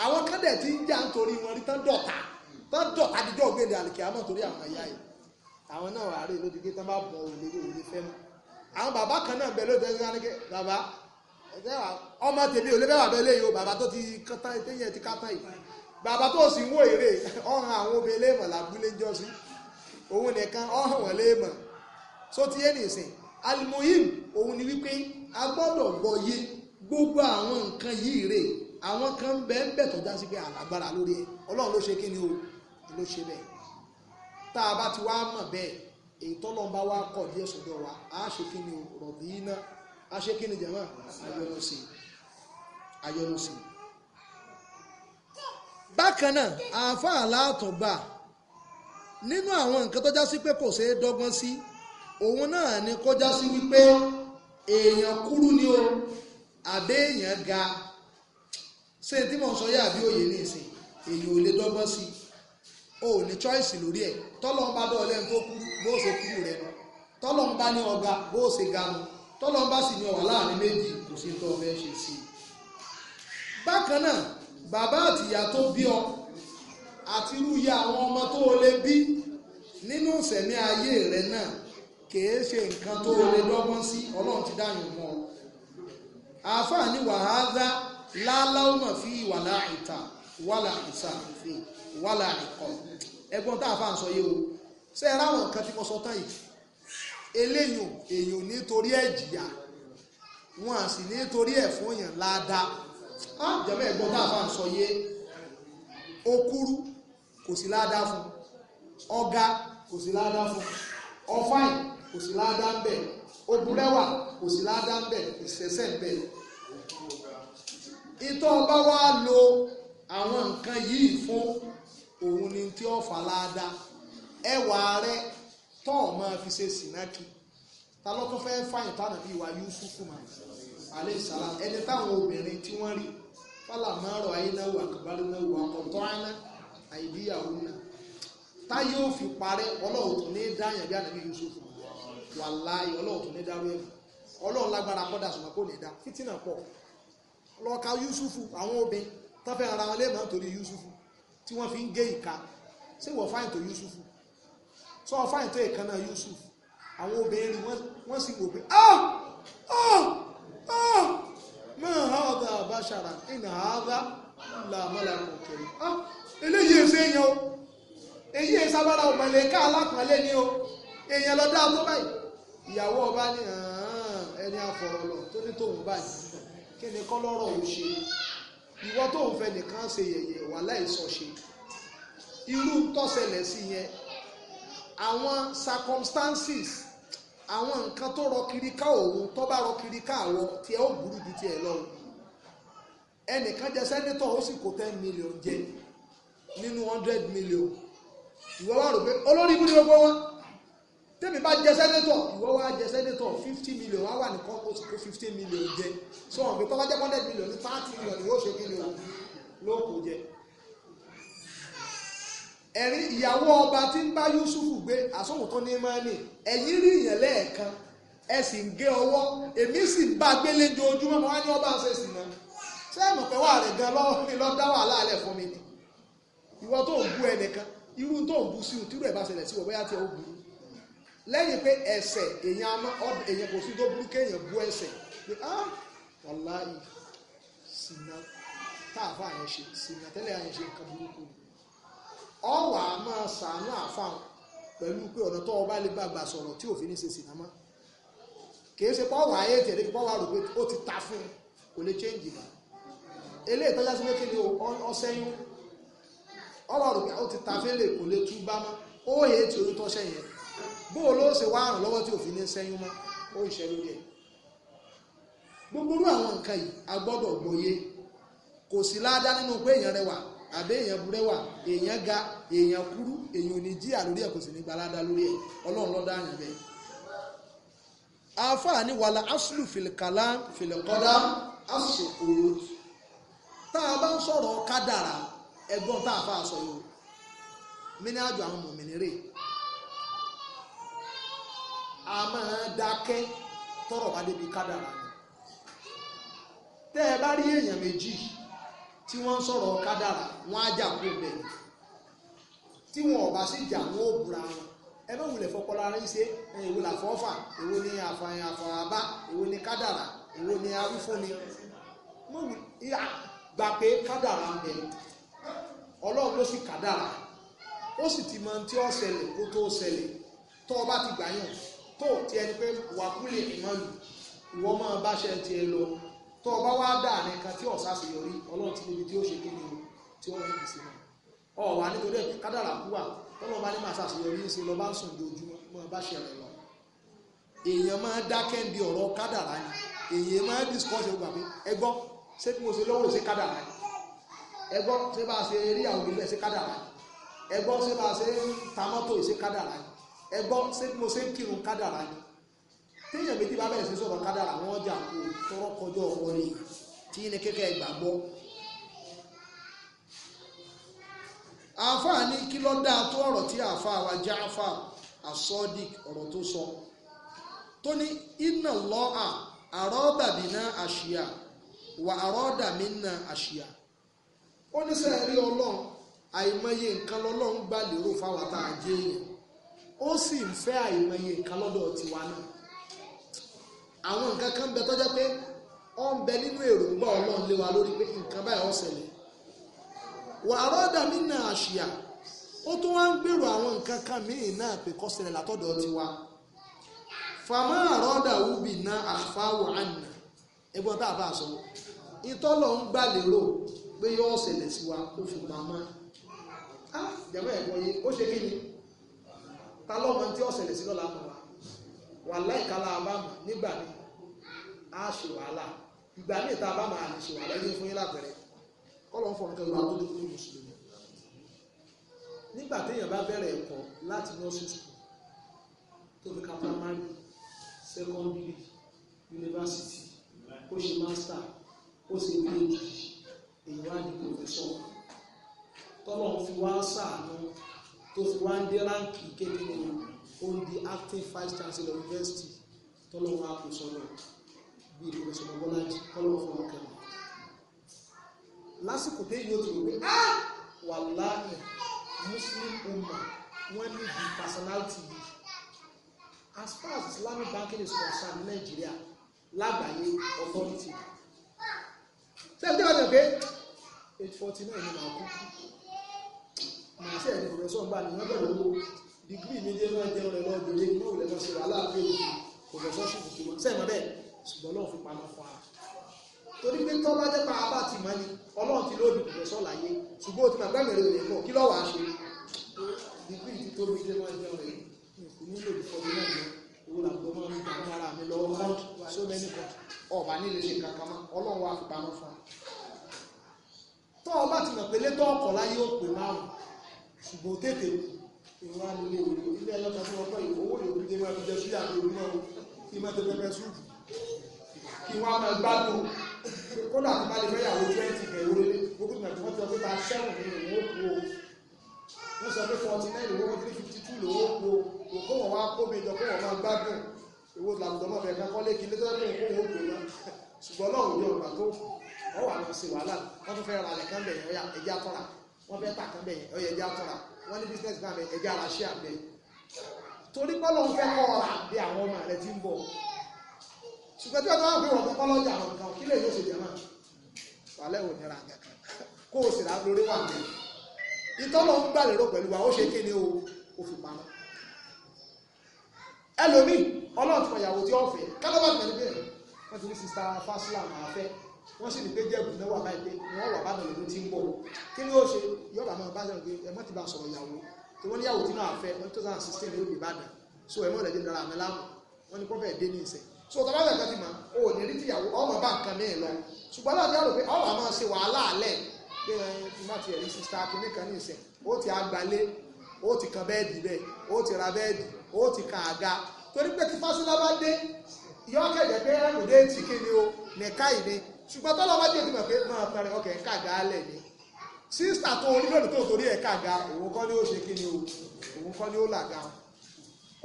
àwọn kan dẹ̀ ti ń jà nítorí wọn rí tán dọ̀tà tán dọ̀tà dídọ̀ ògbéde àmọ́ torí àwọn ìyá yìí àwọn náà wà rí lójú pé tán bá bọ̀ òlé òlé fẹ́ àwọn bàbá kan náà o bàbá tó ti kátá ti kátá yìí bàbá tó sì ń ọ̀hún àwọn obìnrin mọ̀ òun nìkan ọ̀hún lé mọ̀ nìsín a gbọ́dọ̀ gbọ́ yé gbogbo àwọn nǹkan yìí rè àwọn kan ń bẹ ń bẹ tọ́já sí pé alágbára lórí ẹ ọlọ́run ló ṣe kí ni o ló ṣe bẹ́ẹ̀ tá a bá ti wá mọ̀ bẹ́ẹ̀ èyí tọ́lọ́n bá wá kọ̀ díẹ̀ sọ́dọ̀ wa a ṣe kí ni o rọ̀bì iná a ṣe kí ni jẹ̀mọ́ ayọ́nùsì ayọ́nùsì. bákan náà àáfàá látọ̀gbà nínú àwọn nǹkan tọ́já sí pé kò ṣeé dọ́gbọ́n sí òun náà ni kọjá sí wípé èèyàn kúrú ni o àbẹ́ èèyàn ga ṣé tí mò ń sọ yá àbí òye ní ìsìn èyí ò lè dọ́gbọ́n sí o ò ní choice lórí ẹ̀ tọ́lọ́ ń bá dọ́ ọlẹ́ni tó kú bó ṣe kúrú rẹ nu tọ́lọ́ ní ọ̀gá bó ṣe ga nu tọ́lọ́ sì ní ọ̀wà láàrin méjì kò sí tó fẹ́ ṣe sí i. bákan náà bàbá àtìyá tó bí ọ àti irú ya àwọn ọmọ tó o lè bí nínú ìsẹ̀mí ayé rẹ náà kèé ṣe nǹkan tó lè dọ́gbọ́n sí ọlọ́run ti dáyìn mọ́ ọ àáfàá ní wàhálà fi wàlà ìta wàlà ìsàfẹ́ wàlà ìkọ̀ ẹgbọ́n tá o ṣé ẹ ráwọn nǹkan tí mo sọ tán yìí eléyìí nítorí ẹ̀ jìyà wọn sì nítorí fún ẹgbọ́n tá ń kò sí kò sí láàdá ń bẹ̀ obìnrẹ́wà kò sí láàdá ń bẹ̀ ìṣẹ̀ṣẹ̀ ń bẹ̀. ìtọ́ ọba wa lo àwọn nǹkan yìí fún òun ni tí ó fà láàdá ẹwà rẹ tọ́ ọ máa fi ṣe sìnákì ta ló tún fẹ́ẹ́ fàyìn tánà bíi wa Yusufu mà alẹ́ sàlá ẹni táwọn obìnrin tí wọ́n rí fọlá márùn ayínáwó àkàbárínáwó àkọ́tọ́ àná àìdíyàwó náà táyé òfin parẹ́ ọlọ́run tó ní dáyàn bí ànábì Yusufu wàláhì ọlọ́run tó ní dárú ẹ̀ ọlọ́run lágbára kọ́dà ṣùgbọ́n kò ní dá fìtínà pọ̀ lọ́ka yusufu àwọn obìnrin tó ara wọn léèmọ́ torí yusufu tí wọ́n fi ń gé ìka ṣé wọ́n fáìn tó yusufu sọ fáìn tó ìkan yusufu àwọn obìnrin wọ́n sì wò pé ah ah ah ma hadha bashara in hadha la malakun karim ah eléyìí èsè yẹn o èyí èsàbára ọ̀mọ̀lẹ́ká alákùnrin lé ní o èèyàn lọ dá a tó báyìí ìyàwó ọba ní ẹni àfọ̀rọ̀lọ̀ tó ní tóun báyìí kí ni kọ́lọ́rọ̀ ò ṣe ìwọ tóun fẹ́ nìkan ṣe yẹ̀yẹ̀ wà láìsọ ṣe irú tọ́sẹ̀lẹ̀ sí yẹn àwọn circumstances àwọn nǹkan tó rọ kiri ká òun tó bá rọ kiri ká àwọ tí ẹ ó burú ju tiẹ̀ lọ ẹnìkan jẹ sẹ́nitọ̀ ó sì kó ten million jẹ nínú hundred million ìwọ wà rò pé olórí ibú ni gbogbo wọn tẹ́mi bá jẹ sẹ́nẹ́tọ̀ ìwọ wá jẹ sẹ́nẹ́tọ̀ fifty million wá wà ní kọ́ńtò kó fifty million jẹ sọ wọn pé tọ́ba jẹ́ hundred million ní thirty million ìwọ ṣe kíni o ló kò jẹ. ẹ̀rí ìyàwó ọba tí ń bá Yusufu gbé àsọ̀wọ̀n tó ní máa ní ẹ̀yìn rí ìyẹn lẹ́ẹ̀kan ẹ sì ń gé ọwọ́ èmi sì ń bá gbélé ojoojúmọ́ mo wá ní ọba ṣe sì náà sẹ́ẹ̀mù pé wà rẹ̀ gan lọ́wọ́ mi lọ́ dá wàhálà ni ìwọ tó ń bú ẹnìkan irú tó ń bú sí lẹ́yìn pé ẹsẹ̀ èèyàn èèyàn kò sí tó burú kéèyàn bú ẹsẹ̀ pé ah wàláì sinna táàfà yẹn ṣe sinna tẹ́lẹ̀ yẹn ṣe nǹkan burúkú ọwà máa sàánú àfàwọn pẹ̀lú pé ọ̀nà tó ọba lè gbàgbà sọ̀rọ̀ tí òfin ní ṣe sinna mọ́ kìí ṣe pọ́wà ayé tẹ̀ lẹ́kì pọ́wà rò pé ó ti ta fún un kò lè chẹ́ǹjì mọ́ eléyìí tọ́já sí mékèlè ọ̀sẹ́yún ọwà rò pé ó ti ta fẹ́lẹ̀ kò lè tú bá mọ́ ó yẹ ti orí tọ́ṣẹ́ yẹn bóò ose ṣe wá ràn lọ́wọ́ tí òfin ní sẹ́yún mọ́ ó ìṣẹ́ lórí ẹ̀ gbogbo àwọn nǹkan yìí a gbọ́dọ̀ gbọ́yé kò sí ládá nínú pé èèyàn rẹwà àbí èèyàn èèyàn ga èèyàn kúrú èèyàn ò ní ẹ̀ kò sì ní gba ládá lórí ẹ̀ ọlọ́run lọ́dá àyàn bẹ́ẹ̀ àáfàá wàlà a máa dákẹ́ tọ́rọ̀ bá débi kádàrá ni tẹ́ ẹ bá rí èèyàn méjì tí wọ́n ń sọ̀rọ̀ kádàrá wọ́n á jà kó bẹ́ẹ̀ tí wọn ò bá sì jà wọn ò búra wọn ẹ bá wulẹ̀ fọpọlọ ara yín ṣe èwo làfọ́fà èwo ni àfààyàn àfààbá èwo ni kádàrá èwo ni arúfúnni mo wù yá gbà pé kádàrá ń bẹ ọlọ́run ló sì kádàrá ó sì ti mọ ohun tí ó ṣẹlẹ̀ kó tó ṣẹlẹ̀ tó o bá ti gbà yàn tó ti ẹni pé wàkúlẹ̀ ìmọ̀lù ìwọ máa báṣẹ ti ẹ lọ tó o bá wá dà nìkan tí ọ̀sá sì yọrí ọlọ́run ti níbi tí ó ṣe kéde o tí wọ́n yìí sí ọ wà nítorí ẹ̀ kádàrà kúwà tọ́lọ́ bá ní màá ṣàṣeyọrí ń ṣe lọ bá ń sùn dojúmọ́ máa báṣẹ rẹ lọ èèyàn máa dákẹ́ bí ọ̀rọ̀ kádàrá ni èèyàn máa discourse ọgbà pé ẹgbọ́ ṣé bí mo ṣe lọ́wọ́ ṣe kádàrá ni ẹgbọ́ ṣé bá ṣe rí àwọn ìlú ṣe kádàrá ni ẹgbọ́ ṣé bá ṣe ta mọ́tò ṣe kádàrá ni ẹ mo ṣe ń kírun kádàrá téèyàn méjì bá bẹ̀rẹ̀ sí sọ̀rọ̀ kádàrá wọn jà kó tọrọ kọjọ tí ní gbàgbọ́. àáfàá kí ló tó sọ tó ní ná wà ná àṣìyà ó ní sẹ́ẹ̀rí ọlọ́run àìmọye nǹkan ó sì ń fẹ́ àìmọye nǹkan lọ́dọ̀ tiwa náà àwọn nǹkan kan bẹ tọ́jọ́ pé ó ń bẹ nínú èròǹgbà ọlọ́run lé wa lórí pé nǹkan báyìí ó ṣẹlẹ̀ wàárọ̀ dàmí o àṣìyà ó tún wá ń gbèrò àwọn nǹkan kan míì náà pé kó ṣẹlẹ̀ látọ̀dọ̀ tiwa fàmà àrọ́dà wúbi náà àfáwò àná ẹgbọ́n tá a bá sọ ìtọ́lọ̀ ń gbà lérò pé yóò ṣẹlẹ̀ sí wa ó fi pamọ́ á ah, jàmbá ẹ̀kọ́ yìí ó ṣe kí ni. ta lọ́mọ tí ó ṣẹlẹ̀ sí lọ́la mọ̀ wá wà láìkálá abámọ̀ nígbà mi á ṣe wàhálà ìgbà mi ìta abámọ̀ àlè ṣe wàhálà yín fún yín lápẹ̀rẹ̀ kọ́lọ́ fọ̀n kẹ́ lọ́la tó lé fún mùsùlùmí nígbà téèyàn bá bẹ̀rẹ̀ ẹ̀kọ́ láti nursery school tó fi ka primary secondary university ó ṣe master ó ṣe phd èyí wá di professor tọ́lọ́ fi wá sáà náà tó fi wá on the ráǹkì kékeré ó ń di acting vice chancellor university tọ́lọ́wọ́ àkósọ́nà bíi ìfọwọ́sọ̀rọ̀ bọ́lájì tọ́lọ́wọ́ fún ọkẹ́ wọn. lásìkò téyí ó ti rò pé wà láàyè muslim umma wọ́n ní the personality yìí as far as islamic banking is concerned nàìjíríà lágbàáyé authority. sẹ́yìn tí wọ́n ti rò pé eight forty nine ni màá kú mo ṣe ẹni pòfẹsọ gbà ní wọn bẹ̀rẹ̀ owó dìgírì mi ní ẹnu ẹjẹ rẹ lọ bèrè inú rẹ lọ sí wàhálà pé pòfẹsọ ṣùkù tó wọn sẹmọ bẹ́ẹ̀ ṣùgbọ́n náà fi pamọ́ fún ara torí pé tọ́ bá jẹ́ pa abá ti mọ́ ni ọlọ́run ti lóòdì pòfẹsọ láyé ṣùgbọ́n o ti máa gbẹ́mìí rẹ̀ mọ̀ kí lọ́wọ́ àṣe dìgírì ti tóbi dé wọn ẹjẹ rẹ kò ní lòdì fọdún náà yẹn owó làgbọ́n máa ń gbà fún ara mi lọ́wọ́ so many times ọ̀bà nílé ṣe kankan mọ́ ọlọ́run wà fi pamọ́ fún ara tọ́ ọ ti mọ̀ pé létọ́ ọkọ̀ láyé ó pè márùn ṣùgbọ́n tètè ìwà nílé òní ilé ẹlọ́ta tí wọ́n pọ̀ ìfowó ìlú ní máa fi jẹ sí àgbè orí náà kí máa tẹ pẹpẹ súùpù kí wọ́n máa gbádùn kódà tó bá lè fẹ́ yàwó twenty bẹ̀rù lé gbogbo ìgbà tí wọ́n ti sọ pé ta sẹ́wọ̀n ní ìwọ̀n òkú o wọ́n sọ pé forty nine ìwọ̀n three fifty two lòó kú o kó wọ́n wá kó mi jọ kó wọ́n máa gbádùn owó làwùjọ máa fẹ́ kọ́ lé kí lẹ́tọ́ pé kó wọ́n gbé náà ṣùgbọ́n náà òun yóò gbà tó wọ́n wà lọ sí wàhálà wọ́n tún fẹ́ ra àlẹ́kánbẹ̀ ẹ̀yà ẹ̀já tọ́ra wọ́n fẹ́ tàkàn bẹ́ẹ̀ ó yẹ ẹja tọ́ra wọ́n ní business plan bẹ́ẹ̀ ẹja ara ṣé àbẹ́ torí pọ́lọ́ ń fẹ́ kọ́ ọ̀rà bí àwọn ọmọ rẹ ti ń bọ̀ ṣùgbọ́n tí wọ́n tọ́wọ́ pé wọ́n fẹ́ pọ́lọ́ jà àwọn nǹkan kí lè yóò ṣe jẹ náà wàlẹ́ ò nira kankan kó o sì rà lórí wà mí ìtọ́lọ́ ń gbà lérò pẹ̀lú wa ó ṣe kí ni o ò fi pamọ́ ẹlòmíì ọlọ́ọ̀tún ọ̀yàwó tí ó fẹ́ kálọ́ bá tẹ̀lé bẹ́ẹ̀ wọ́n ti ní sista fásilà máa fẹ́ wọ́n sì ní pé jẹ́gùn náà wà báyìí pé wọ́n wà bá bẹ̀rẹ̀ ló ti ń bọ̀ kí ni ó ṣe yóò bá máa bá sọ̀rọ̀ pé ẹ mọ́ ti bá sọ̀rọ̀ ìyàwó tí wọ́n níyàwó tí náà fẹ́ wọ́n tó sáà sixteen ní òbí ìbàdàn so ẹ mọ́ rẹ̀ dé dára àmì láàmú wọ́n ní kó fẹ́ dé ní ìsẹ̀ so tọ́lá rẹ̀ kan ti mà ó ní rí tìyàwó ọmọ bá nǹkan mí lọ ṣùgbọ́n láti yàrá pé ọmọ máa ṣe wàhálà alẹ́ pé má ti ẹ̀rí sista kìíní kan ní ìsẹ̀ ó ti agbalé ó ti kan bẹ́ẹ̀dì bẹ́ẹ̀ ó ti ra bẹ́ẹ̀dì ó ti kan àga torí pé tí fásilá bá dé yọ́kẹ̀jẹ̀ pé ẹ̀rù dé ti kí ṣùgbọ́n tọ́lọ́ bá dé ìdìbò pé máa pẹ̀rẹ̀ ọkẹ̀ ń kàga alẹ̀ ni sísà tó orí lónìí tó torí ẹ̀ kàga òun kọ́ ni ó ṣe kíni o òun kọ́ ni ó làga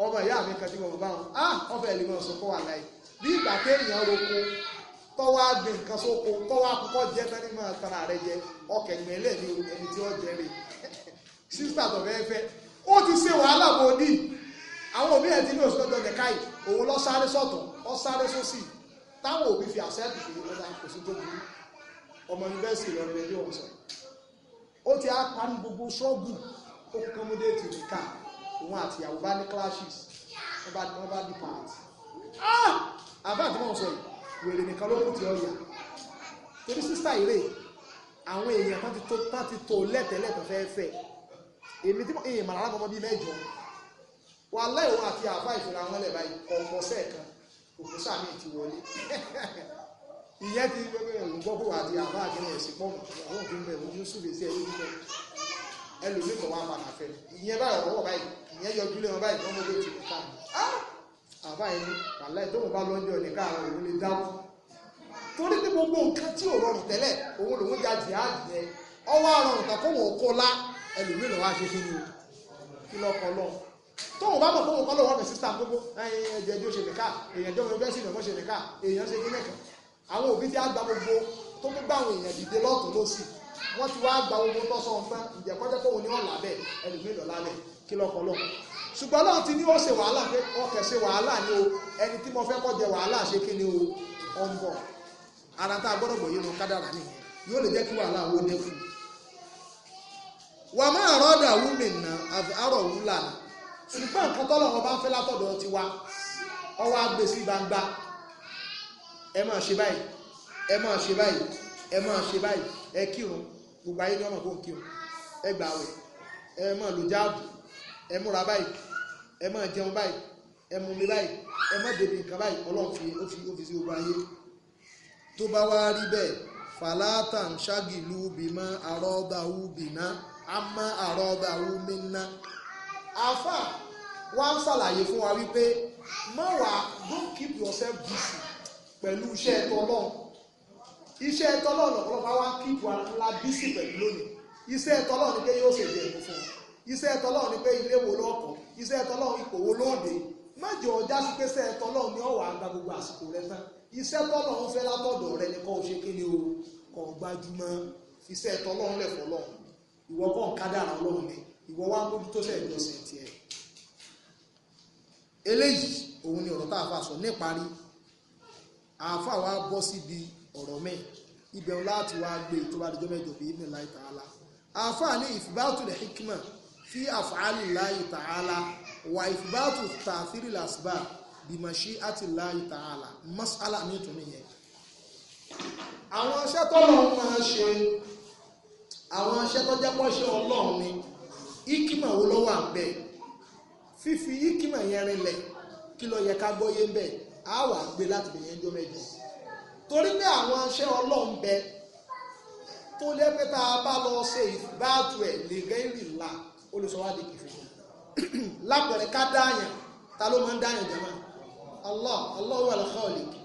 ọmọ ìyá mi kan tí mo bá wọn á ọbẹ̀ ẹ̀lì mọ̀ sọ kó wà láì bí ìgbà kéèyàn roko tọ́wọ́ àgbẹ̀ nǹkan sóko tọ́wọ́ akókó jẹ́ tán ní máa tara rẹ jẹ ọkẹ̀ gbẹ̀lẹ̀ ni ẹni tí ó jẹ rè *laughs* sísà tó fẹ́ fẹ́ ó ti ṣe wàhálà bòdì àwọn òbí ẹ̀ ti ní òṣìṣẹ́ ọjọ́ nìkáì òun lọ sáré sọ́tọ̀ ọ sáré sósì táwọn òbí fi àṣẹ́ẹ̀tì fi ọ̀dà kò sí tó burú ọmọ yunifásitì lọ rẹ bí ọ̀sán ó ti á parí gbogbo ṣọ́ọ̀bù ó kọ́mọdé tì ní ká òun àti ìyàwó bá ní clashes wọ́n bá wọ́n bá di part ah! àbá àti mọ̀ sọ yìí wèrè nìkan ló kù ti ọ̀yà torí sísá ìrè àwọn èèyàn tán ti tó tán ti tó lẹ́tẹ̀lẹ́tẹ̀ fẹ́ẹ́fẹ́ èmi tí èèyàn màlára ọmọ bíi mẹ́jọ wà láì òun àti àbá ìfìlà wọn lẹ̀ báyìí ọ̀pọ̀ sẹ́ẹ̀kan òfúsà mi ti wọlé *laughs* ìyẹn ti ẹ̀rù gbọ́gbọ́ àti àbá àti ẹ̀sìn pọ̀ àwọn òfin bẹ̀rù Yusuf èsì ẹ̀rù níbẹ̀ ẹlòmíì kan wà padà fẹ́ ìyẹn báyìí ọ̀rọ̀ báyìí ìyẹn yọjú lé wọn báyìí wọn mọ́tò tì ká mi àbá yẹn ni wàhálà ẹ̀ tóun bá lọ́jọ́ ní káàrọ̀ òun lè dáwọ́ torí pé gbogbo nǹkan tí ò rọrùn tẹ́lẹ̀ òun lòun já jihad yẹn ọwọ́ àrùn tàkùn òkó lá ẹlòmíì lọ́wọ́ àṣẹ kí ni o kí lọ́kọ lọ́wọ́ tóun bá mọ̀ fóun kọ́ lóun ọ̀fẹ́ sísá gbogbo ẹ̀jẹ̀ ẹjọ́ ṣe nìka èèyàn ẹjọ́ ẹgbẹ́ sì lọ́mọ́ ṣe nìka èèyàn ṣe kílẹ̀ kan àwọn òbí ti á gba gbogbo tó tó gbà àwọn èèyàn dìde lọ́tún lọ́sì wọ́n ti wá gba owó tọ́sọ̀ ọ̀fẹ́ ǹjẹ́ kọ́jọ́ kóun ní ọ̀là bẹ́ẹ̀ ẹlòmíì lọ́la lẹ̀ kí lọ́kọ̀ lọ. ṣùgbọ́n náà ti ní ó ṣe wàhálà pé ọkẹ̀ ṣe wàhálà ni o ẹni tí mo fẹ́ kọ́ jẹ wàhálà ṣe kí ni o ọ̀ ń bọ̀ ara tá a gbọ́dọ̀ gbòye nu kádàrà nìyẹn yóò lè jẹ́ kí wàhálà wo dẹ́kun. wàá máa rọ́ọ̀dà wúmi nà àrọ̀ wúlà nà ṣùgbọ́n nǹkan tọ́lọ́wọ́ bá ń fẹ́ látọ̀dọ̀ ti wa ọwọ́ agbe sí gbangba ẹ máa ṣe báyìí ẹ máa ṣe báyìí ẹ máa ṣe báyìí ẹ kírun gbogbo ayé ní ọmọ kó ń kírun ẹ gbà wẹ̀ ẹ máa lò jáàbù ẹ múra báyìí ẹ máa jẹun báyìí ẹ mú mi báyìí ẹ má débi nǹkan báyìí ọlọ́run fi ó fi ó fi sí gbogbo ayé tó bá wá rí bẹ́ẹ̀ fàlátà ń ṣàgìlú bímọ àrọ́dà wù bìnà á má àrọ́dà wù mí ná àfáà wọ́n á ṣàlàyé fún wa wípé má wà don't keep yourself busy pẹ̀lú iṣẹ́ ẹ̀tọ́ náà iṣẹ́ ẹ̀tọ́ náà lọ́pọ̀lọpọ̀ wá keep wa la busy pẹ̀lú lónìí iṣẹ́ ẹ̀tọ́ náà ni pé yóò ṣèjì ẹ̀kọ́ fún wa iṣẹ́ ẹ̀tọ́ náà ni pé ilé wo lọ́kọ̀ iṣẹ́ ẹ̀tọ́ náà ipò wo lóde májọ ọjà sí pé iṣẹ́ ẹ̀tọ́ náà ni ọ̀wà àgbà gbogbo àsìkò rẹ tán iṣẹ́ ẹ̀tọ́ náà ń fẹ́ látọ̀dọ̀ rẹ ni kò ṣe kéde o kò gbajúmọ̀ iṣẹ́ ẹ̀tọ́ náà lẹ̀fọ́ lọ́hùn ìwọ kàn kádàrà lọ́hùn ni ìwọ wá mójútó sẹ́ẹ̀dọ̀sẹ̀ tiẹ̀ eléyìí òun ni ọ̀rọ̀ tá a fà sọ níparí àáfà wa bọ́ síbi ọ̀rọ̀ mẹ́ ibẹ̀ wọn láti wá gbé tó bá dọjọ́ mẹ́jọ bí ibùdó láì tààlà àáfà ní ìfìbátù lè hikima fi àfààní láì tààlà wà ìfìbátù tààfírí làṣìbà bìmọ̀ṣí àti láì tààlà masala mi tún nìyẹn. àwọn aṣẹ́ tọ́lọ̀ máa ṣe àwọn aṣẹ́ tọ́jẹ́pọ̀ ṣe ọlọ́run ni ikima wo ló wà bẹ́ẹ̀ fífi yíkìmọ̀ yẹn rinlẹ̀ kí ló yẹ ká gbọ́yé bẹ́ẹ̀ á wà gbé láti bẹ̀yẹ̀ ẹjọ́ mẹ́jọ torí pé àwọn aṣẹ́ ọlọ́run bẹ tó lẹ́ pé tá a bá lọ ṣe ìbáàtú ẹ̀ lè gẹ́rì là ó kìfì lápẹ̀rẹ̀ ká dáàyàn ta ló máa ń dáàyàn jẹ́ máa Allah Allah wà lọ́kọ́ ọ̀lẹ́kì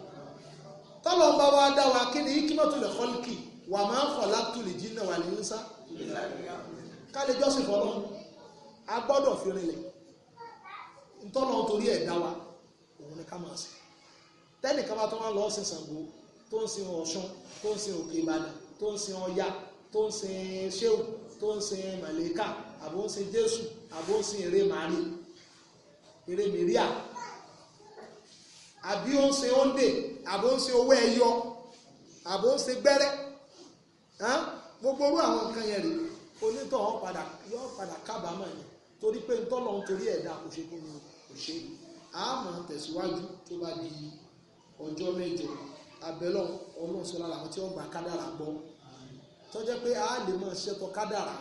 tọ́lọ̀ ń bá wa dá wa kí ni yíkìmọ̀ tó lè kọ́lìkì wà máa ń fọ̀ látò lè jí náà wà lè ń sá fọlọ́ a fi rinlẹ̀ ntọ́nà torí ẹ̀ dá wa òun ni ká máa sìn tẹ́nìkan bá tó wá lọ sin Ṣàngó tó ń sin Ọ̀ṣun tó ń sin Òkè Ìbàdàn tó ń sin Ọya tó ń sin Ṣéwù tó ń sin Màlẹ́kà àbó ń sin Jésù àbó ń sin eré màrí eré mìíríà àbí ó ń sin óńdè àbó ń sin owó ẹyọ àbó ń sin gbẹ́rẹ́ gbogbo orú àwọn nǹkan yẹn rèé onítọ̀ yóò padà kábàámọ̀ yẹn torí pé ntọ́lọ̀ ń torí ẹ̀dá kò ṣe kíni kò ṣe á máa tẹ̀síwájú tó bá di ọjọ́ mẹ́jọ abẹ́lọ́ ọlọ́run sọlá làwọn tí wọ́n gba kádàrà gbọ́ tó jẹ́ pé a lè máa ṣẹ́tọ́ kádàrà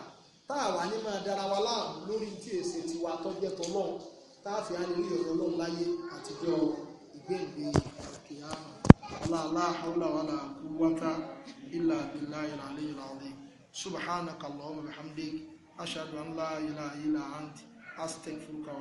tá a wà ní máa dára wa láàmú lórí tí èsè tiwa tó jẹ́ tọ́lọ́run tá a fi á lè rí ọ̀rọ̀ ọlọ́run láyé àtijọ́ ìgbéǹde kìáàmù láàlá àwòlàwàlà kúwáká ìlà ìlà ìlà àlẹ́ ìlà ọ̀rẹ́ subhanaka allahumma bihamdik ashhadu an la ilaha illa anti astaghfiruka